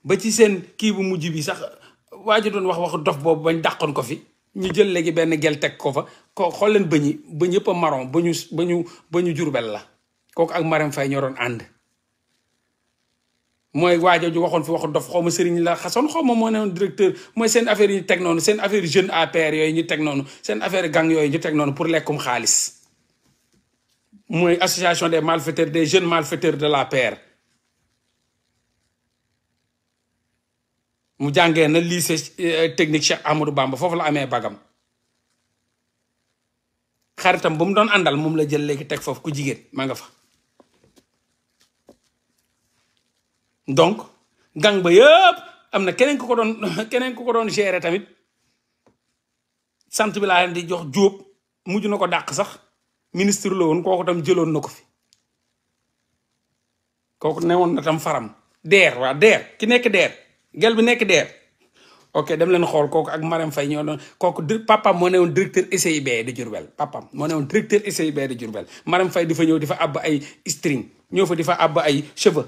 ba ci sen ki bu mujj bi sax waji doon wax waxu dof bobu bañ dakkon ko fi ñu jël léegi ben gel tek ko fa ko xol leen bañi bëñ yëpp marron bañu bañu bañu Jurbel la kok ak Marème fay ñoo and moy waajo ju waxoon fi wax dof xaw serigne la xasoon xaw mo moo ne directeur moy sen affaire yi tek teg sen affaire jeune APR yoy ñu tek noonu sen affaire gang yoy ñu tek noonu pour lekum xaalis moy association des malfaiteurs des jeunes malfaiteurs de la l'APR mu jangé na lycée euh, technique Cheikh Amadou Bamba fofu la amé bagam xaritam bu mu doon àndal moom la jël légui tek fofu ku jigen ma nga fa donc gang ba yëpp am na keneen ku ko doon (laughs) keneen ku ko doon gérer tamit sant bi laa di jox Diop mujj na ko dàq sax ministre la woon kooku tam jëloon na ko fi kooku newoon na tam faram. deer waa deer ki nekk deer gel bi nekk deer ok dem leen xool kooku ak Marème fay ñoo doon kooku di papaam moo newoon directeur SAIB de Diourbel papaam moo newoon directeur SAIB de Diourbel Marème Faye di fa ñëw di fa àbb ay string ñëw fa di fa àbb ay cheveux.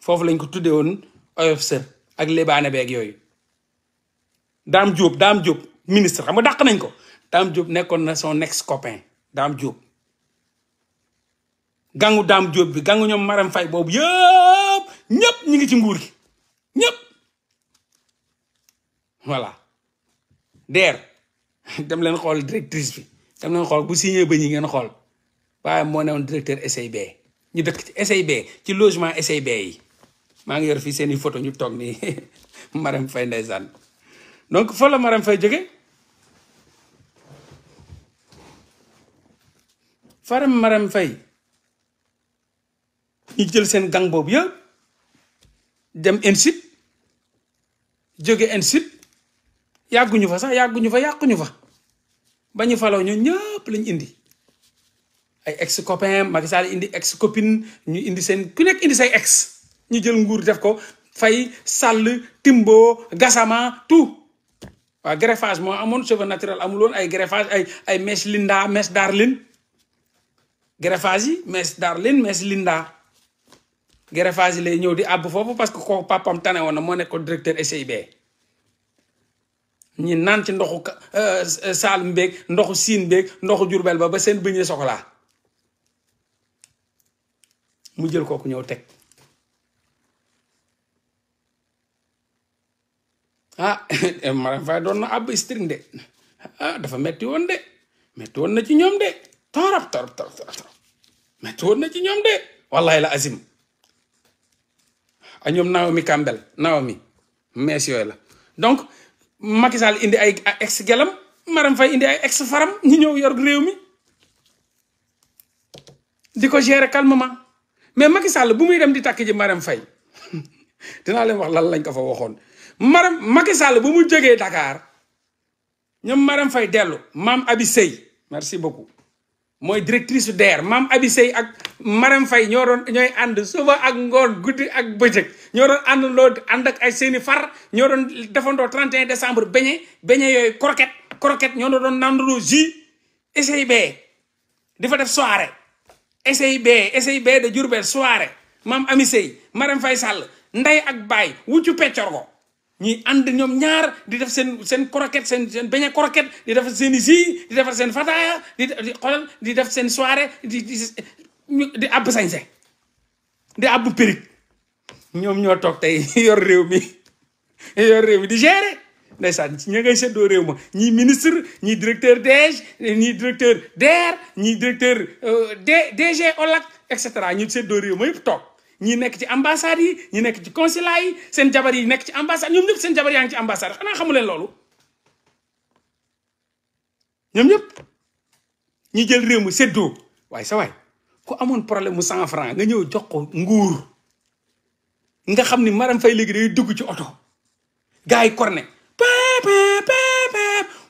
foofu lañ ko tuddee woon oyof sër ak lébaane beeg yooyu daam Diop daam Diop ministre xam nga dàq nañ ko daam jóob nekkoon na soo ex copain daam Diop. gangu daam Diop bi gangu ñoom Marème Faye boobu yëpp ñëpp ñu ngi ci nguur gi ñëpp voilà deer (laughs) dem leen xool directrice bi dem leen xool bu signé ba ñi ngeen xool waaye moo woon directeur SAIB ñu dëkk ci SAIB ci logement SAIB yi. maa ngi yor fii seen i photo ñu toog nii (laughs) Marème Faye ndeysaan donc fa la fay Faye jóge faram fay ñu jël seen gang boobu yëpp dem INSID jóge INSID yàgguñu fa sax yàgguñu fa yàquñu fa bañu faloo ñun ñëpp lañ indi ay ex copain Macky indi ex copine ñu indi seen ku nekk indi say ex ñu jël nguur def ko fay sàll timbo gasama tout waa greffage moo amoon cheveux naturel amuloon ay greffage ay ay mèche linda mèche darlin greffage yi mèche darlin mèche linda greffage lay ñëw di àbb foofu parce que kooku papam tane woon na moo nekkoon directeur SIB ñi naan ci ndoxu euh, Saalum beeg ndoxu Siin beeg ndoxu Jurbel ba ba seen bëñee soxlaa mu jël kooku ñëw teg ah (laughs) Marème Faye doon na àbb string de ah, dafa metti woon de metti woon na ci ñoom de torop torop torop metti woon na ci ñoom de wallahi la azim a ah, ñoom Naomi Campbell Naomi mees yooyu la donc Macky indi ay ex gelam Marème Faye indi ay ex faram ñu ñëw yor réew mi di ko gérer calmement mais Macky Sall bu muy dem di takk ji Marème Faye (laughs) dinaa leen wax lan lañ ko fa maram Macky Sall bu mu jógee Dakar ñoom maram fay dellu maam Abi Sey merci mooy directrice su DER maam Abi ak maram fay ñoo doon ñooy ànd suba ak ngoon guddi ak bëccëg ñoo doon ànd loo ànd ak ay seeni far ñoo doon defandoo 31 décembre beñe beñe yooyu croquette croquette ñoo doon nandoo jus SAIB dafa def soirée SAIB SAIB de Diourbel soirée maam Ami Sey maram fay Sall nday ak baay wuccu peccor ko ñuy ànd ñoom ñaar di def seen seen croquette seen seen beñe croquette di def seen i si di defar seen fataaya di di xoolal di def seen soirée di di di àbb di àbb périg ñoom ñoo toog tey (laughs) yor réew mi yor réew mi di gérer ndeysaan ña ngay seddoo réew ma ñii ministre ñii directeur DG ñii directeur DR ñii directeur euh, D DG OLAC et cetera ñu seddoo rew ma yëpp toog ñi nek ci ambassade yi ñi nek ci consulat yi seen jabar yi nek ci ambassade ñom ñep seen jabar yaa ci ambassade xana xamu len lolu ñom ñep ñi jël réew mu seddo way sa way ku amone problème mu 100 francs nga ñew jox ko nguur nga xamni ni maram fay léegi day dugg ci pa pa pa pa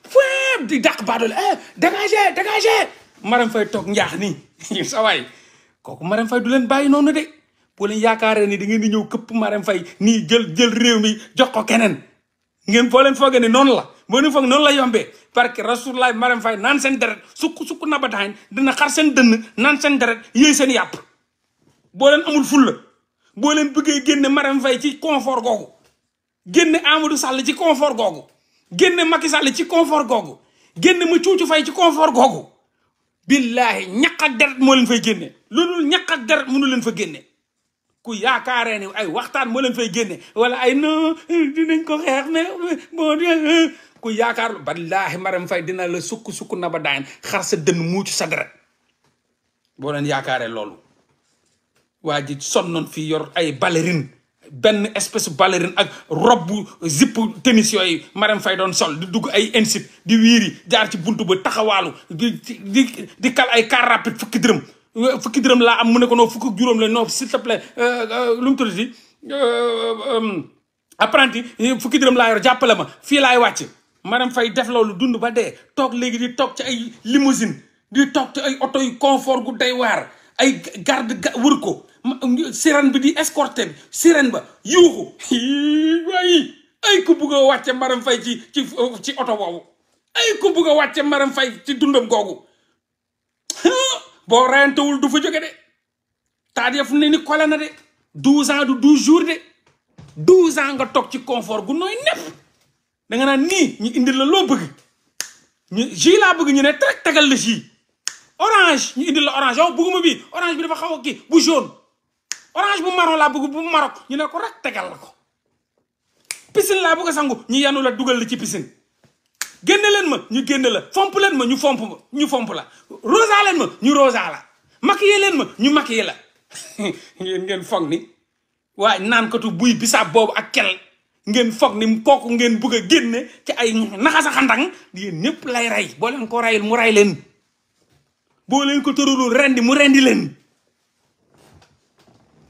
ppp di dak baadoole eh dégagé dégagé maram fay tok ñax ni (laughs) sa way kooku maram fay du leen bàyyi noonu de boo leen yaakaaree ni da ngeen di ñëw këpp Marème fay nii jël jël réew mi jox ko keneen ngeen boo leen foogee ne noonu la boo leen foog noonu la yombee parce que Rasulullah Marème Faye naan seen deret sukk sukk nabataañ dina xar seen dënn naan seen deret yéey seen yàpp boo leen amul fulla boo leen bëggee génne Marème fay ci confort googu génne Amadou Sall ci confort googu génne Macky Sall ci confort googu génne ma cuucu fay ci confort googu billaahi ñaq ak deret moo leen fay génne loolu ñaq ak deret mënu leen fa génne ku yaakaaree ne ay waxtaan moo leen fay génne wala ay non dinañ ko xeex mais bon ku yaakaar ballaahi Marème Faye dina la sukk sukku na ba daan xar sa dënn muucu sa deret boo leen yaakaaree loolu waa ji sonnoon fii yor ay ballerine benn espèce ballerine ak robbu zipp tennis yooyu Marème fay doon sol di dugg ay insip di wiiri jaar ci buntu ba taxawaalu di di kal ay car fukki dërëm Euh, fukki dërëm laa am mu ne ko non fukki juróom la non s'il te plaît euh, euh, lu mu tuddati apprenti fukki dërëm laa yor jàppale ma fii laay wàcc madame fay def lu dund ba dee toog léegi di toog ci ay limousine di toog ci ay oto yu confort gu day waar ay garde wër ko sirène bi di escorté bi sirène ba yuuxu waaye ay ku bugg a wàcce madame fay ci ci oto boobu ay ku bugg a wàcce madame fay ci dundam googu boo wul du fa jóge de Tadef ne ni kole na de douze ans du douze jours de douze ans nga toog ci confort gu nooy nepp da nga naan nii ñu indil la loo bëgg ñu jus laa bëgg ñu ne rek tagal la jus orange ñu indil la orange yow bëgguma bi orange bi dafa xaw a kii bu jaune orange bu marron laa bëgg bu marok ñu ne ko rek tagal la ko piscine laa bëgg sangu ñu yanu la dugal la ci piscine génne leen ma ñu génne la fomp leen ma ñu fomp ñu fomp la rosa leen ma ñu rosa la maquillé leen ma ñu maquillé la ngeen (laughs) ngeen foog ni waaye naankatu buy bisaab boobu ak kel ngeen foog ni kooku ngeen bëgg a génne ci ay naxasa xandang yéen ñëpp lay ray. boo leen ko reyul mu rey leen boo leen ko tëralul rendi mu rendi leen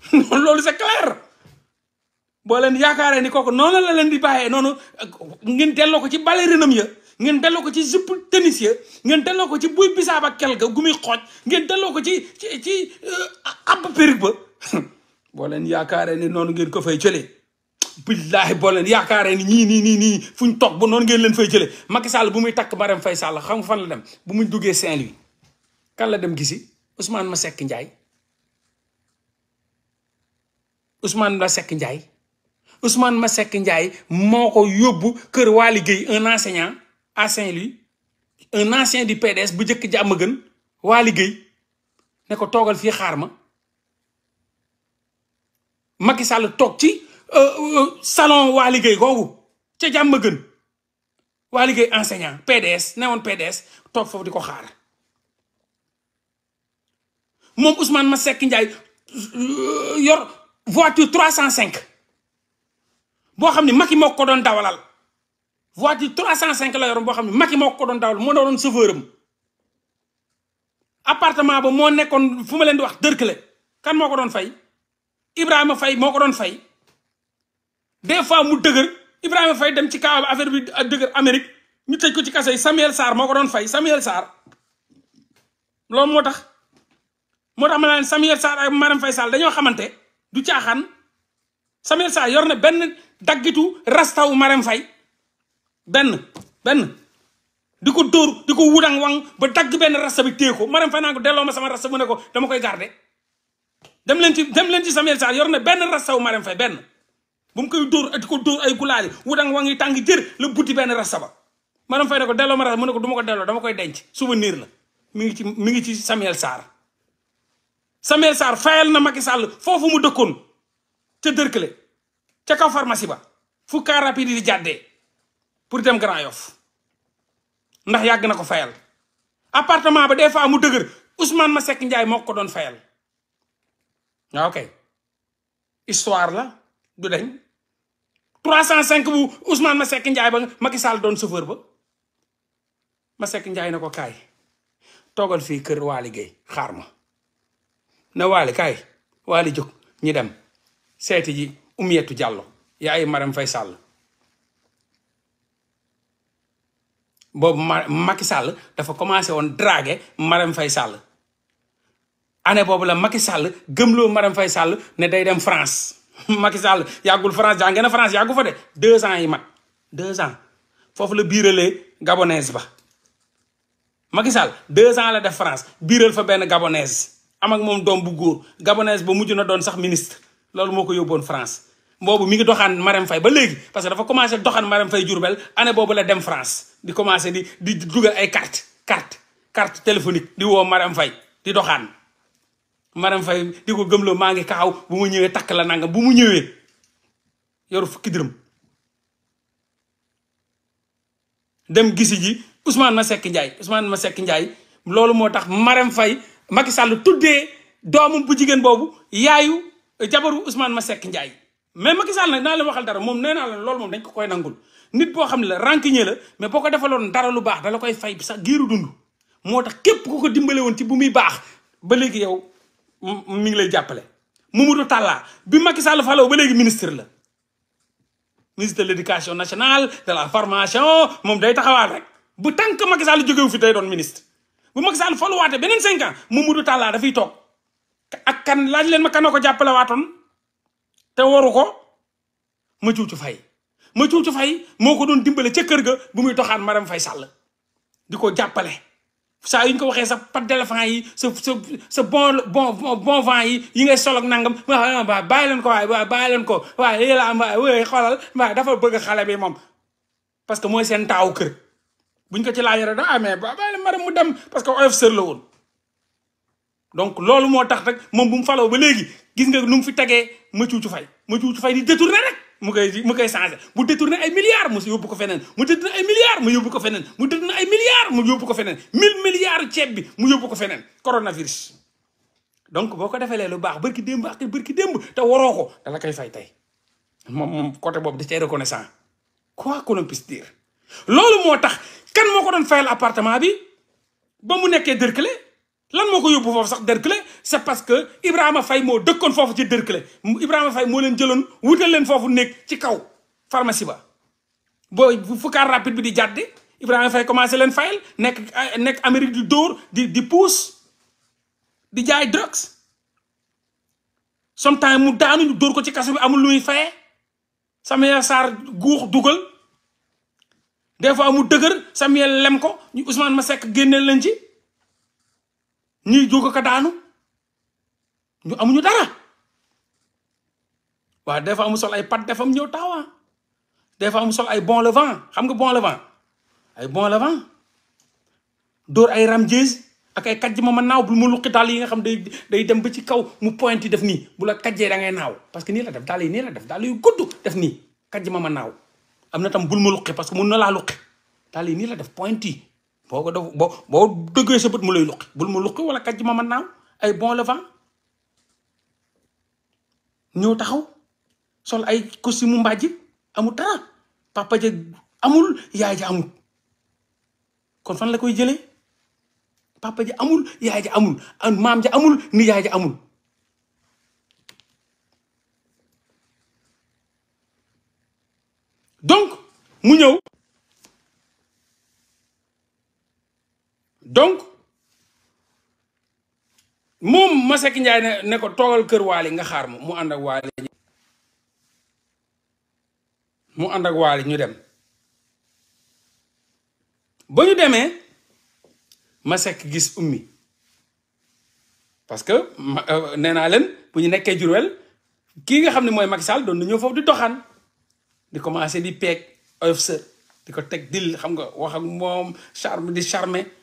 (laughs) loolu c'est clair boo leen yaakaaree ni kooku noonu la leen di bàyyee noonu ngeen delloo ko ci bale renam ya ngeen delloo ko ci jupe tennis ya ngeen delloo ko ci buy bisaab ak kel ga gu muy xooj ngeen delloo ko ci ci ci euh, ab périg ba (laughs) boo leen yaakaaree ni noonu ngeen ko fay jëlee billaahi boo leen yaakaaree ni ñii nii nii nii fu ñu toog ba noonu ngeen leen fay jëlee Macky Sall bu muy takk Marème Faye Sall xam nga fan la dem bu muy duggee Saint-Louis kan la dem gisi Ousmane Masseck Ndiaye Ousmane Masseck Ndiaye Ousmane Masseck Ndiaye moo ko yóbbu kër waa liggéey un enseignant à Saint-Louis un ancien du PDS bu njëkk jàmm gën waa liggéey ne ko toogal fii xaar ma Macky Sall toog ci euh, euh, salon waa liggéey googu ca jàmm gën waa liggéey enseignant PDS ne woon PDS toog foofu di ko xaar moom Ousmane Masseck Ndiaye euh, yor voiture cinq boo xam ne Macky moo ko doon dawalal. voiture 305 la yoroon boo xam ne Macky moo ko doon dawal moo doon chauffeur am appartement ba moo nekkoon fu ma leen di wax dërkle kan moo ko doon fay Ibrahima Faye moo ko doon fay des fois mu dëgër Ibrahima Faye dem ci kaaba affaire bi dëgër Amérique ñu tëj ko ci kaso yi Samuel Sarr moo ko doon fay Samuel saar loolu moo tax moo tax ma naan Samuel Sarr ak Marème Faye Sall dañoo xamante du caaxaan Samuel Sarr yor na benn daggitu rastawu Marème fay Ben, Ben, diko dor diko wudang wang ba dag ben rasta bi téye maram fay naa ko kare. ma sama rasta mu ne ko dama koy garder dem len ci dem len ci Samuel sar yor Ben rasta wu maram fay ben bu koy dor diko dor ay gulaali wudang wang yi tàng jeer le bouti ben rasta ba maram fay ne ko ma rasta mu ne ko du ko dama koy denc souvenir la mi ngi ci mi ngi ci Samuel sar Samuel sar fayal na Macky Sall fofu mu dekkone ca deurkele ca kaw pharmacie ba fu ka rapide di jadde pour dem Grand Yoff ndax yag na ko fayal appartement ba des fois mu deuguer Ousmane Masseck Ndiaye moo ko fayal ya ok histoire la du deñ 305 bu Ousmane Masseck ndjay ba Macky Sall doon chauffeur ba Masseck Ndiaye na ko kaay fi fii wali gay Gueye na wali kay wali juk ñi dem seti ji umiyetu jallo yaay maram fay Sall boobu ma Macky Sall dafa commencé woon draguer Marème fay Sall année boobu la Macky Sall gëmloo Marème fay sàll ne day dem France (laughs) Macky Sall yàggul France jàngee na France yàggu fa de deux ans yi mag deux ans foofu la biiralee gabonaise ba Macky deux ans la def France biiral fa benn gabonaise am ak moom doom bu góor gabonaise ba mujj na doon sax ministre loolu moo ko yóbboon France. bobu mi ngi doxane maram fay ba legui parce que dafa commencé doxane maram fay jurbel ane bobu la dem France di commencé di di dugal ay carte carte carte téléphonique di wo maram fay di doxane maram fay di ko gemlo maa ngi kaaw bu mu ñewé tak la nangam bu mu ñewé yor fukki dirum dem gisi ji Ousmane sek Usman Ousmane ma sek ndjay lolu motax maram fay Macky Sall tuddee doomam bu jigen bobu yaayu jabaru Ousmane sek ndjay mais Macky Sall nag naa leen waxal dara moom nee naa la loolu moom dañ ko koy nangul nit boo xam ne la rancunier la mais boo ko defaloon dara lu baax dala koy fay sax giiru dund moo tax képp ku ko dimbale woon ci bu muy baax ba léegi yow mi ngi lay jàppale Mamadou Talla bi Macky Sall faloo ba léegi ministre la ministre l' éducation nationale de formation moom day taxawaat rek bu tànk Macky Sall jógewu fi day doon ministre bu Macky Sall faluwaatee beneen cinq mu Mamadou tàllaa dafay toog ak kan laaj leen ma kanoo ko jàppale waatoon te waru ko ma cuucu fay ma cuucu fay moo ko doon dimbale ca kër ga bu muy doxaan madame fay Sall di ko jàppale saa yu ñu ko waxee sa pat d'éléphant yi sa sa sa bon bon bon vent yi yi ngay solog nangam waaw ah, waaw bàyyi leen ko waay waaw leen ko waaw lii la xoolal waaw dafa bëgg xale bi moom parce que mooy seen taawu kër buñ ko ci laajee rek ah mais bàyyi leen madame mu dem parce que oyof la woon donc loolu moo tax rek moom bu mu faloo ba léegi gis nga nu mu fi tegee ma cuucu fay ma cuucu fay di détourné rek mu koy mu koy changé mu détourné ay milliards mu yóbbu ko feneen mu détourné ay milliards mu yóbbu ko feneen mu détourné ay milliards mu yóbbu ko feneen mille milliards ceeb bi mu yóbbu ko feneen coronavirus donc boo ko defalee lu baax barki démb ak barki démb te waroo ko dala koy fay tey moom moom côté boobu di cay reconnaissant quoi que l'on puisse dire loolu moo tax kan moo ko doon fayal appartement bi ba mu nekkee Derklé lan moko yobou fofu sax Derklé c'est parce que Ibrahima fay mo dëkkoon fofu ci Derklé Ibrahima fay mo len jëloon wutal len fofu nek ci kaw pharmacie ba bo fu rapide bi di jaddi Ibrahima fay commencé len fayal nek nek Amérique du Nord, di di pousse di jay drugs sometimes mu daanu ñu dóor ko ci kasso bi amul lu muy fayee Samuel Sarr guux dugal des fois mu deuguer Samuel lem ko ñu Ousmane Masseck gennel len ci ñu jóg ko daanu ñu amuñu dara waa des fois mu sol ay pat defam ñëw taawaa ah. des fois mu sol ay bon levant xam nga bon levant ay bon levant dóor ay ram jeez ak ay kàjj ma ma naaw bu ma luqi dàll yi nga xam day day dem ba ci kaw mu point yi def nii bu la kàjjee da ngay naaw parce que nii la def dàll yi nii la def dàll yu gudd def nii kàjj ma ma naaw am na tam bul ma luqi parce que mun na laa luqi dàll yi nii la def point yi boo ko def boo boo dëggee sa bët mu lay luqi bul ma luqi wala kàjj ma man naaw ay bon le vent ñëw taxaw sol ay costume mu mbàjj amul dara papa ja amul yaay ja amul kon fan la koy jële papa ja amul yaay ja amul maam ja amul ni yaay ja amul donc mu ñëw donc moom Masek Ndiaye ne ne ko toogal kër wali nga xaar ma mu wali, ak Waali wali ànd ak Waali ñu dem ba ñu demee Masek gis ummi parce que euh, nee naa leen bu ñu nekkee Jurbel kii nga xam ne mooy Macky Sall doon na ñëw foofu di doxaan di commencé di peeg oeuf sër di ko teg dil xam nga wax ak moom charme di charmer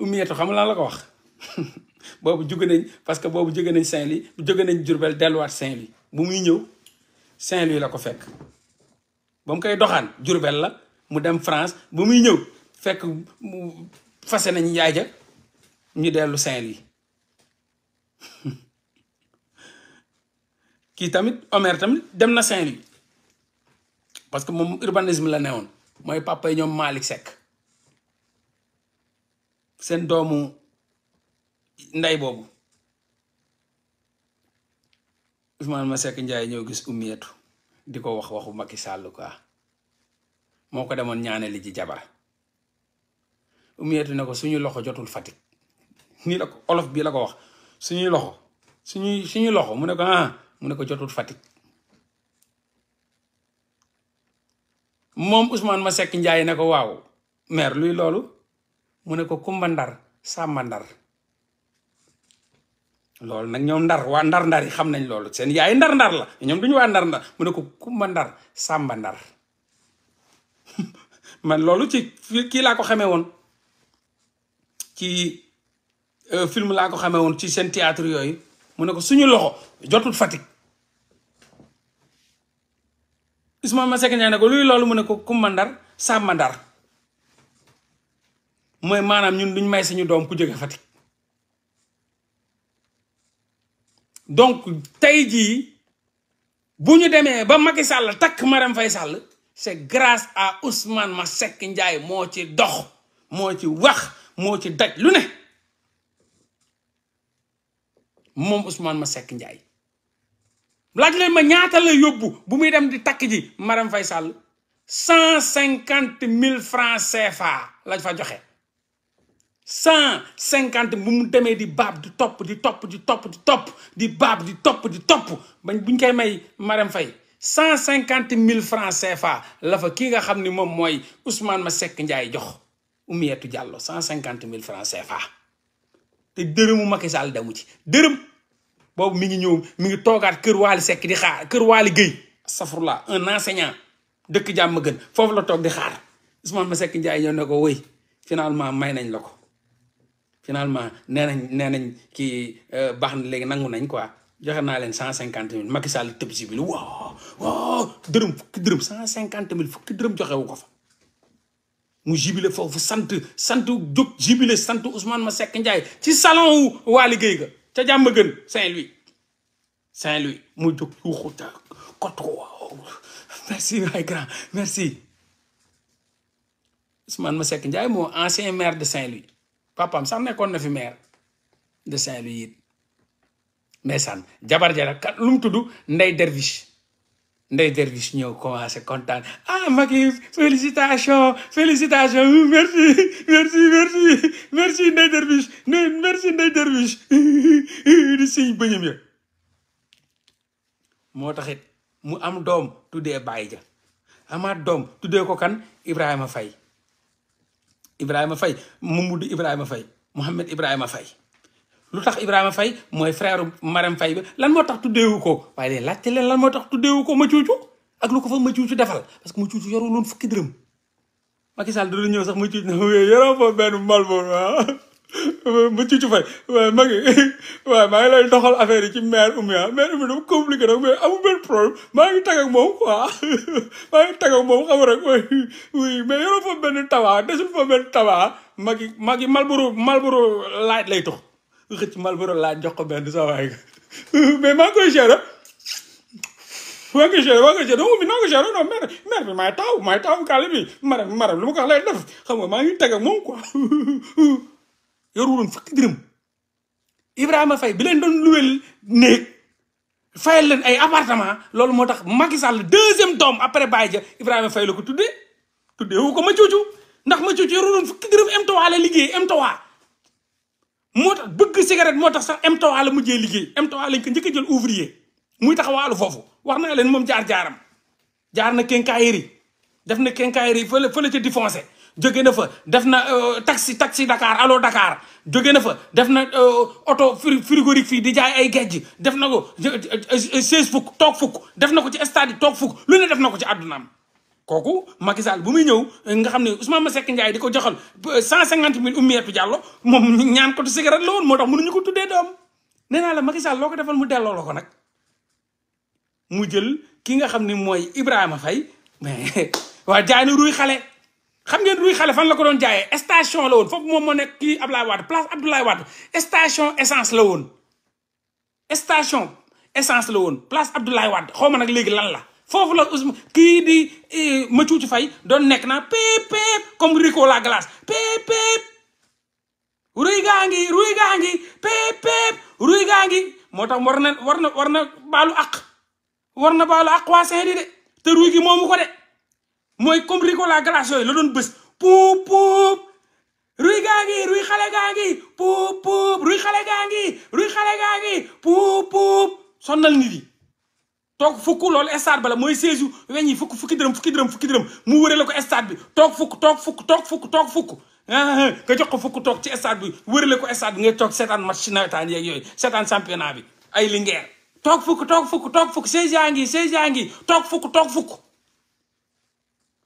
ummiyeetu xam lan la ko wax (laughs) boobu jóge nañ parce que boobu jóge nañ Saint-Louis jóge nañ Diourbel delluwaat Saint-Louis bu muy ñëw Saint-Louis la ko fekk ba mu koy doxaan Diourbel la mu dem France bu muy ñëw fekk mu fase nañ yaay ja ñu dellu Saint-Louis (laughs) kii tamit Omer tamit dem na Saint-Louis parce que moom urbanisme la newoon mooy papa yi ñoom Malick Seck sen doomu ndey boobu Ousmane Masseck Ndiaye ñëw gis ummiyetu di ko wax waxu Macky Sall quoi moo ko demoon ñaanali ji jabar ummiyetu ne ko suñu loxo jotul fatik ni la ko olof bi la ko wax suñuy loxo suñuy suñu loxo mu ne ko ah mu ne ko jotul fatik moom Ousmane Masseck Ndiaye ne ko waaw mer luy loolu mu ne ko kumba ndar sàmba ndar loolu nag ñoom ndar waa ndar ndar yi xam nañ loolu seen yaay ndar ndar la ñoom duñu waa ndar ndar mu ne ko kumba ndar sàmba ndar (laughs) man loolu ci kii laa ko xamee woon ci euh, film laa ko xamee woon ci seen théâtre yooyu mu ne ko suñu loxo jotul fatik Isma ma Seck Ndiaye ne ko luy loolu mu ne ko kumba ndar sàmba moy manam ñun duñ may suñu doom ku donc tay ji buñu démé ba Macky c'est grâce à Ousmane Masseck Ndiaye mo ci dox ci wax Ousmane ma ñaata la yobbu bu muy dem di ji francs CFA laj fa joxe cent cinquante bu mu demee di baab di topp di topp di topp di topp di baab di topp di topp bañ buñ koy may Marème fay cent cinquante mille francs CFA la fa kii nga xam ni moom mooy Ousmane Masseck Ndiaye jox Oumiatou Diallo cent cinquante mille francs CFA te dërëmu Macky Sall demu ci dërëm boobu mi ngi ñëw mi ngi toogaat kër Waly Seck di xaar kër Waly Guèye safrula un enseignant dëkk jàmm gën foofu la toog di xaar ma Masseck Ndiaye ñoo ne ko wëy finalement may nañ la ko finalement nee nañ nee nañ kii euh, baax na léegi nangu nañ quoi joxe naa leen cent cinquante mille Macky Sall tëb si bi lu waaw waaw dërëm fukki dërëm cent cinquante mille fukki dërëm joxewu ko fa mu jibile foofu sant sant jóg jibile sant Ousmane Masseck Ndiaye ci salon wu waa liggéey ga ca jàmm gën Saint-Louis Saint-Louis mu jóg yuuxu ta kot waaw merci ay grand merci ma Masseck Ndiaye moo ancien maire de Saint-Louis papaam sax nekkon na fi maire de Saint-Louis mais ndeysaan jabar jara kat lum tuddu ndey dervish Derviche Ndeye Derviche ñëw commencé contane ah magi félicitations félicitations euh, merci merci merci merci dervish Derviche merci ndey Derviche (laughs) di siñ bëñam ya mo taxit mu am dom tuddé Baye ja amaat dom tuddé ko kan Ibrahima Faye Ibrahima Faye Mamadou Ibrahima Faye Mouhamed Ibrahima Faye lu tax Ibrahima fay mooy frère Marème fay lan moo tax tuddeewu ko waaye de laajte leen lan moo tax tuddeewu ko ma cuucu ak lu ko fa ma cuucu defal parce que ma cuucu yoru loon fukki dërëm Macky Sall dina ñëw sax ma cuucu ne (laughs) yoroo fa benn mbal boobu ah. mu ci fay waaye ma ngi waaye maa ngi lay doxal affaire yi ci mère Oumy ah mère Oumy dama compliqué nag mais amul benn problème maa ngi tag ak moom quoi maa ngi tag ak moom xam rek oui mais yoroo fa benn tawa desul fa benn tawa magi magi Malboro Malboro laaj lay tox xëcc Malboro laaj jox ko benn sa waay mais maa ngi koy géré maa ngi koy géré maa ngi koy géré Oumy naa ko géré non mère mère bi maay taw maay taw kàlla bi maram maram lu ma ko wax lay def xam nga maa ngi tag ak moom quoi yoru woon fukki dërëm Ibrahima Faye bi leen doon luwel néeg fayal leen ay appartement loolu moo tax Macky Sall deuxième doom après Baye ja Ibrahima Faye la ko tuddee tuddee wu ko ma coocu ndax ma coocu yoru woon fukki dërëm M3 la liggéey M3 moo tax bëgg cigarette moo tax sax M3 la mujjee liggéey M3 lañ ko njëkk a jël ouvrier muy taxawaalu foofu wax naa leen moom jaar jaaram jaar na kenkaayeri def na kenkaayeri fële fële ca di foncé jóge na fa def na euh, taxi taxi dakaar allo dakaar jóge na fa def na euh, oto frigorifique fii di jaay ay gejj def na ko seize fukk toog fukk def na ko ci stade toog fukk lu ne def na ko ci àddunaam kooku Macky bu muy ñëw nga xam ne Ousmane Masseck Ndiaye di ko joxal euh, cent cinquante mille Oumiatou Diallo moom ñaan ko tu cigarette la woon moo tax mënuñu ko tuddee doom nee naa la Macky Sall loo ko defal mu delloo la ko nag mu jël ki nga xam ne mooy Ibrahima Faye mais (laughs) waa xam ngeen Ruy Xale fan la ko doon jaayee station la woon foofu moom moo nekk kii Abdoulaye Wade place Abdoulaye Wade station essence la woon station essence la woon place Abdoulaye Wade xaw ma nag léegi lan la foofu la kii di eh, Mathieu Faye doon nekk naa pép pép comme Rico la glace pép pép Ruy gaa Ruy gaa ngi pép Ruy gaa moo tax war na war na baalu àq waa saint de te Ruy gi moomu ko de. mooy comme Ricola glace yooyu la doon bës puup puup ruy gaa ngi ruy xale gaa ngi puup puup ruy xale gaa ngi ruy xale gaa ngi puup nit yi toog fukk loolu stade ba la mooy seize yu fukk fukki dërëm fukki dërëm fukki dërëm mu wërale ko stade bi toog fukk toog fukk toog fukk toog fukk ah, nga jox ko fukk toog ci stade bi wërale ko stade bi ngay toog seetaan match ci nawetaan yeeg yooyu seetaan championnat bi ay lingeer toog fukk toog fukk toog fukk seize yaa ngi seize ngi toog fukk toog fukk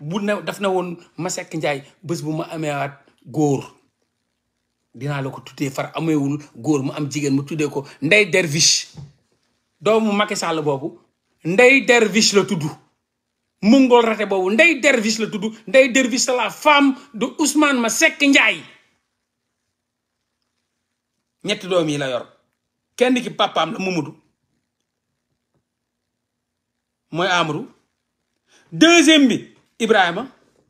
bu ne daf na woon ma Masek Njaay bés bu ma ameewaat góor dinaa la ko tuddee far ameewul góor mu am jigéen mu tuddee ko Ndey Derviche doomu Macky Sall boobu Ndey Derviche la tudd mungol rate boobu Ndey Derviche la tudd Ndey Derviche c'est la femme de ma Masek Njaay ñetti doom yi la yor kenn ki papaam la Mamadou mooy Amadou deuxième bi ibrahima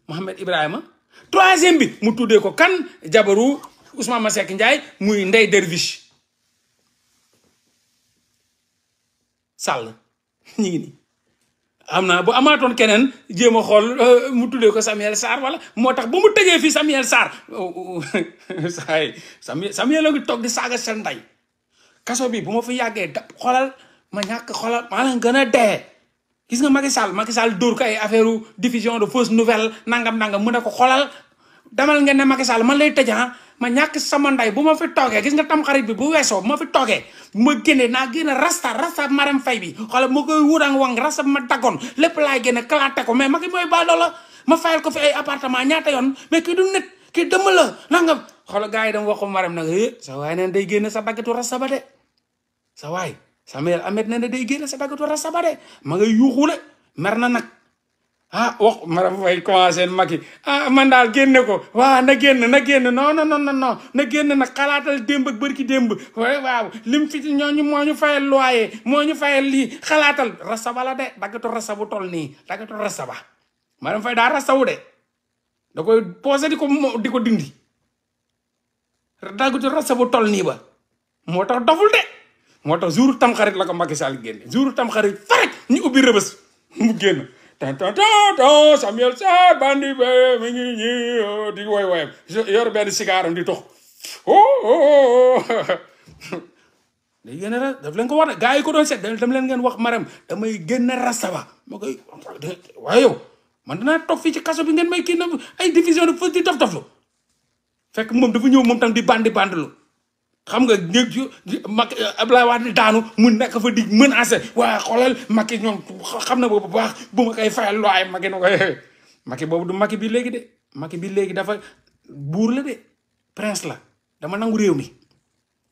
mohammed ibrahima troisième bi mu tuddé ko kan jabaru ousmane masek ndiaye muy ndey dervish sal (laughs) ñi ngi ni amna bu amaton kenen jema xol euh, mu tuddé ko Samuel sar wala motax bu mu tëjee fi Samuel sar (laughs) say Samuel Samuel di saga sen ndey kaso bi bu ma fi yagge xolal ma ñak xolal ma la gëna gis nga Macky Sall Macky Sall dóor ko ay affaire diffusion de fausse nouvelle nangam nangam mu ne ko xolal demal ngeen ne Macky Sall man lay tëj ah, ma ñàkk sama nday bu ma fi toogee gis nga tam xarit bi bu weesoo bu ma fi toogee bu ma génnee naa génne rasta rasta maram fay bi xoolal moo koy wuurang wang rasta ma daggoon lépp laay génne kalaate ko mais Macky mooy baaloo la ma fay ko fi ay appartement ñaata yoon mais kii du nit kii dëmm la nangam xoolal gars yi dama waxu maram nag eh, waay neen day génne sa daggitu rasta ba de sa waay Samuel Ahmed nee na day génn Sébikotane war a sabare ma ngay yuuxu le mer na nag ah wax oh, mara fay commencé Macky ah man daal génne ko waa na génn na génn non non non non na génn na xalaatal démb ak bërki démb waaw lim fi ci ñooñu moo ñu fayal loyer moo ñu fayal lii xalaatal rasaba la de daggatu rasabu tol nii daggatu rasaba maram fay daa da koy posé di ko di ko dindi daggatu tol nii moo tax doful de motax jour tam xarit la ko Macky Sall génné jour tam xarit farek ñu ubi rebeus mu ta ta ta Samuel sa bandi be mi ngi ñi oh, di way way yor ben cigare di tox oh, oh, oh (laughs) day gën a daf leen ko war gaay ko doon set dam leen ngeen wax maram damay génn rasawa ma koy wayo man dana tok fi ci kasso bi ngeen may kii na ay division de di dof dof lo fekk mom dafa ñew mom tam di bandi bandilu xam nga ñë Macky Abdoulaye Wade daanu mu nekk fa di menacé waa xoolal Macky ñoom xam na boobu bu baax bu ma koy fayal loo ay eh, eh. Macky boobu du Macky bi léegi de Macky bi léegi dafa buur la de prince la dama nangu réew mi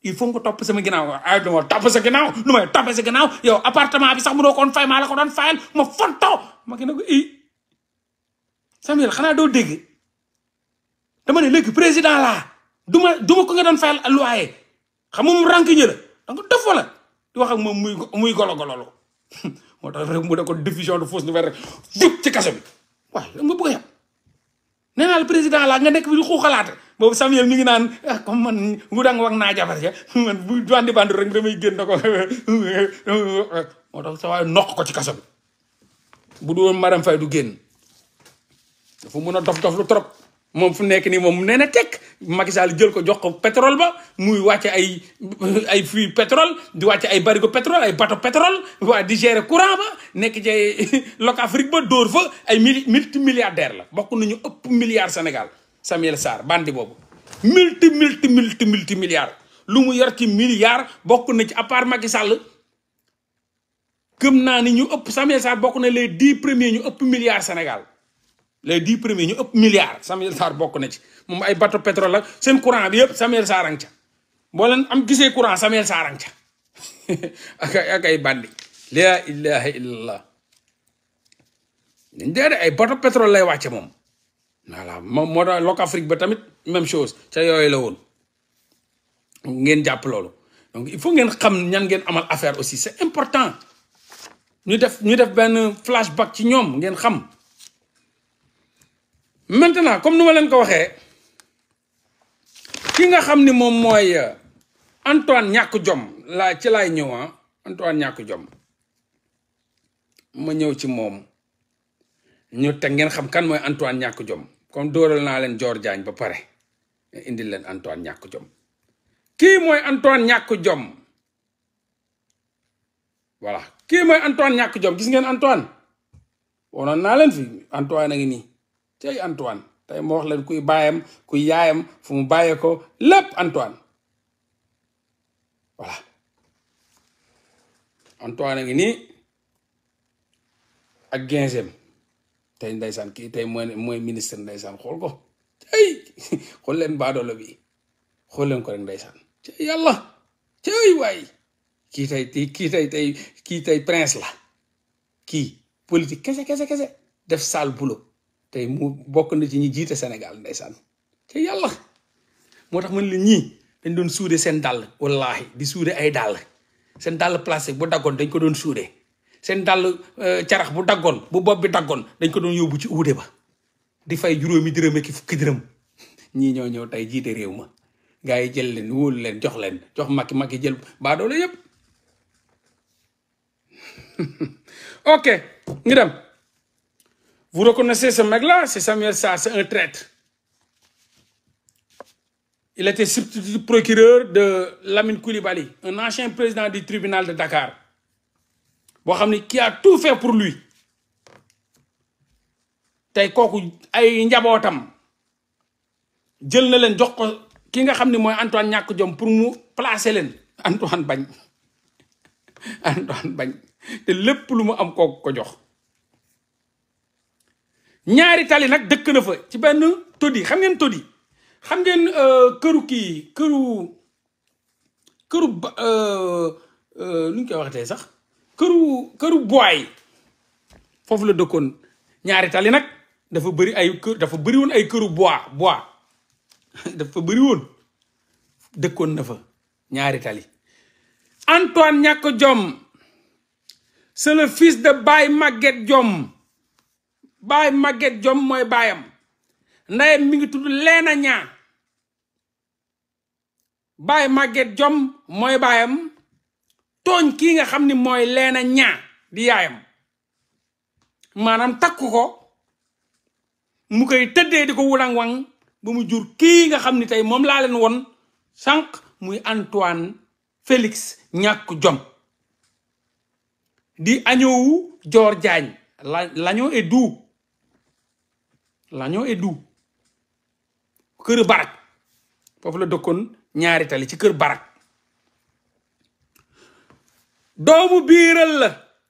il faut nga topp sama ginnaaw ay dama topp sa ginnaaw lu may topp sa ginnaaw yow appartement bi sax mu doo koon fay maa la ko doon fayal ma fontoo Macky na ko i Samuel xanaa doo dégg dama ne léegi président laa duma duma ko nga doon fayal loyer xam nga mu rancunier la da nga def wala di wax ak mom muy muy golo golo lo (laughs) motax rek mu da ko division de force nouvelle rek ci kasse bi way da nga bëgg a neena le président la nga nek bi di xuuxalaate boobu Samuel mi ngi naan ah comme man mu dang wax naa jabar ja man bu bandi bandu rek damay génn ko (laughs) motax sa way nok ko ci kasse bi bu du won maram fay du génn fu mën dof dof lu trop moom fu nekk nii moom nee na tekk Macky jël ko jox ko pétrole ba muy wàcce ay ay fuy pétrole di wàcce ay barigo pétrole ay bateau pétrole waa di gérer courant ba nekk ci (laughs) Locafrique ba dóor fa ay mili multi milliardaire la bokk nañu ëpp milliard Sénégal Samuel Sarr bandi boobu multi multi multi multi milliard lu mu yor ci milliard bokk na ci à part Macky Sall gëm naa ni ñu ëpp Samuel Sarr bokk na les dix premier ñu ëpp milliard Sénégal les 10 premiers ñu ëpp milliard Samuel Sar bokku na ci mom ay bateau pétrole ak seen courant bi yëpp Samuel Sar ang ca bo len am gisé courant Samuel Sar ang ca (laughs) ak ay ak ay bandi la ilaha illallah ñu dér ay bateau pétrole lay wacce mom voilà moom mo tax lok Afrique ba tamit même chose ca yoy la won ngeen japp lolu donc il faut ngeen xam ñan ngeen amal affaire aussi c'est important ñu def ñu def ben flashback ci ñom ngeen xam maintenant comme nu ma leen ko waxee ki nga xam ni moom mooy euh, Antoine ñàkk jom laa ci laay ñëw ah ñàkk jom ma ñëw ci moom ñu te ngeen xam kan mooy Antoine ñàkk jom comme dóoral naa leen joor jaañ ba pare indi leen Antoine ñàkk jom kii mooy Antoine ñàkk jom voilà kii mooy Antoine ñàkk jom gis ngeen Antoine wonoon naa leen fi Antoine a ngi nii tey Antoine tey mo wax leen kuy bayam kuy yaayam fu mu bàyyee ko lepp Antoine voilà Antoine ngi ni ak quinzième tey ndaysan ki tey moy moy ministre ndaysan xol ko tey xol leen baadoolo bi xol leen ko rek ndaysan tey yalla tey way ki tey ki tey tey ki tey prince la ki politique kese kese kese def sale boulot tey mu bokk na ci ñi jiite senegal ndeysaan te yàlla moo tax man la ñii dañ doon suude seen dàll wallaahi di suude ay dàll seen dàll plastique bu daggoon dañ ko doon suude seen dàll euh, carax bu daggoon bu bopp bi daggoon dañ ko doon yóbbu ci uude ba di fay juróomi dërëm ki fukki dërëm ñii ñoo ñëw tey jiite réew ma gaa jël leen wóolu leen jox leen jox makki makki jël baadoole yépp (laughs) ok ngi dem Vous reconnaissez ce mec-là C'est Samuel Sass, c'est un traître. Il était substitut procureur de Lamine Koulibaly, un ancien président du tribunal de Dakar, qui a tout fait pour lui. Il a ay njabootam jël na leen jox ko ki nga xamni moy Antoine ñàkk jom pour mu placer len Antoine bagn (laughs) Antoine bagn te lepp lu am ko jox ñaari tali nag dëkk na fa ci benn todi xam ngeen todi xam ngeen euh, këru kii këru këru lu euh, euh, ñu koy waxatee sax këru këru booy foofu la dëkkoon ñaari tali nag dafa bëri ay kër dafa bëri ay këru bois (laughs) bois dafa bëri woon dëkkoon na fa ñaari tali Antoine ñàkk jom c'est le fils de Baye Maguette Diom baay Maguette Diom mooy baayam ndeyam mi ngi tudd Leena Ñaa baay Maguette jom mooy baayam tooñ kii nga xam ni mooy Leena Ñaa di yaayam maanaam takku ko mu koy tëddee di ko wulang wang ba mu jur kii nga xam ni tey moom laa leen woon sànq muy Antoine Félix ñàkk jom di agneau joor Dior Diagne l'agneau L'agneau est Doux Cœur barak Peuple de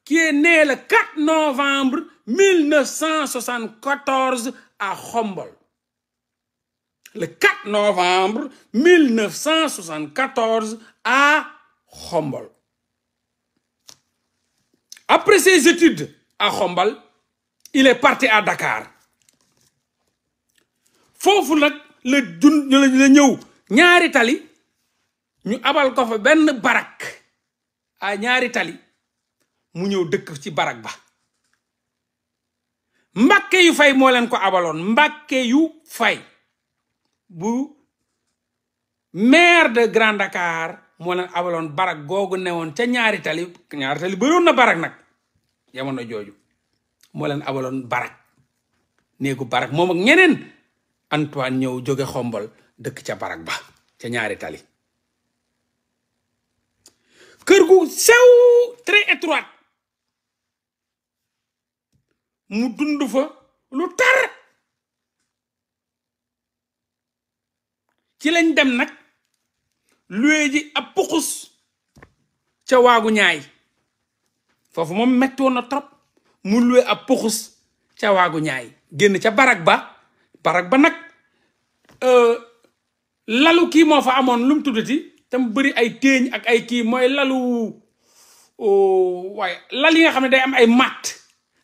qui est né le 4 novembre 1974 à Khombol le 4 novembre 1974 à Khombol après ses études à Khombol il est parti à Dakar foofu nag la jun ñëw ñaari tali ñu abal ko fa benn barak a ñaari tali mu ñëw dëkk ci barak ba mbàkke yu fay moo leen ko abaloon mbakke yu fay bu maire de Grand Dakar moo leen abaloon barak googu newoon ca ñaari tali ñaari tali na barak nag jamono jooju moo leen abaloon barak néegu barak moom ak ñeneen Antoine ñëw jóge xombol dëkk ca barak ba ca ñaari tali kër gu sew très étroite mu dund fa lu tar ci lañ dem nag luwee ji ab puxus ca waagu ñaay foofu moom metti woon trop mu luwee ab puxus ca waagu ñaay génn ca barak ba barak ba nag Euh, lalu ki mo fa amone lum tuduti tuddati te mu bëri ay teñ ak ay ki moy lalu oh, way lal yi nga xamne day am ay mat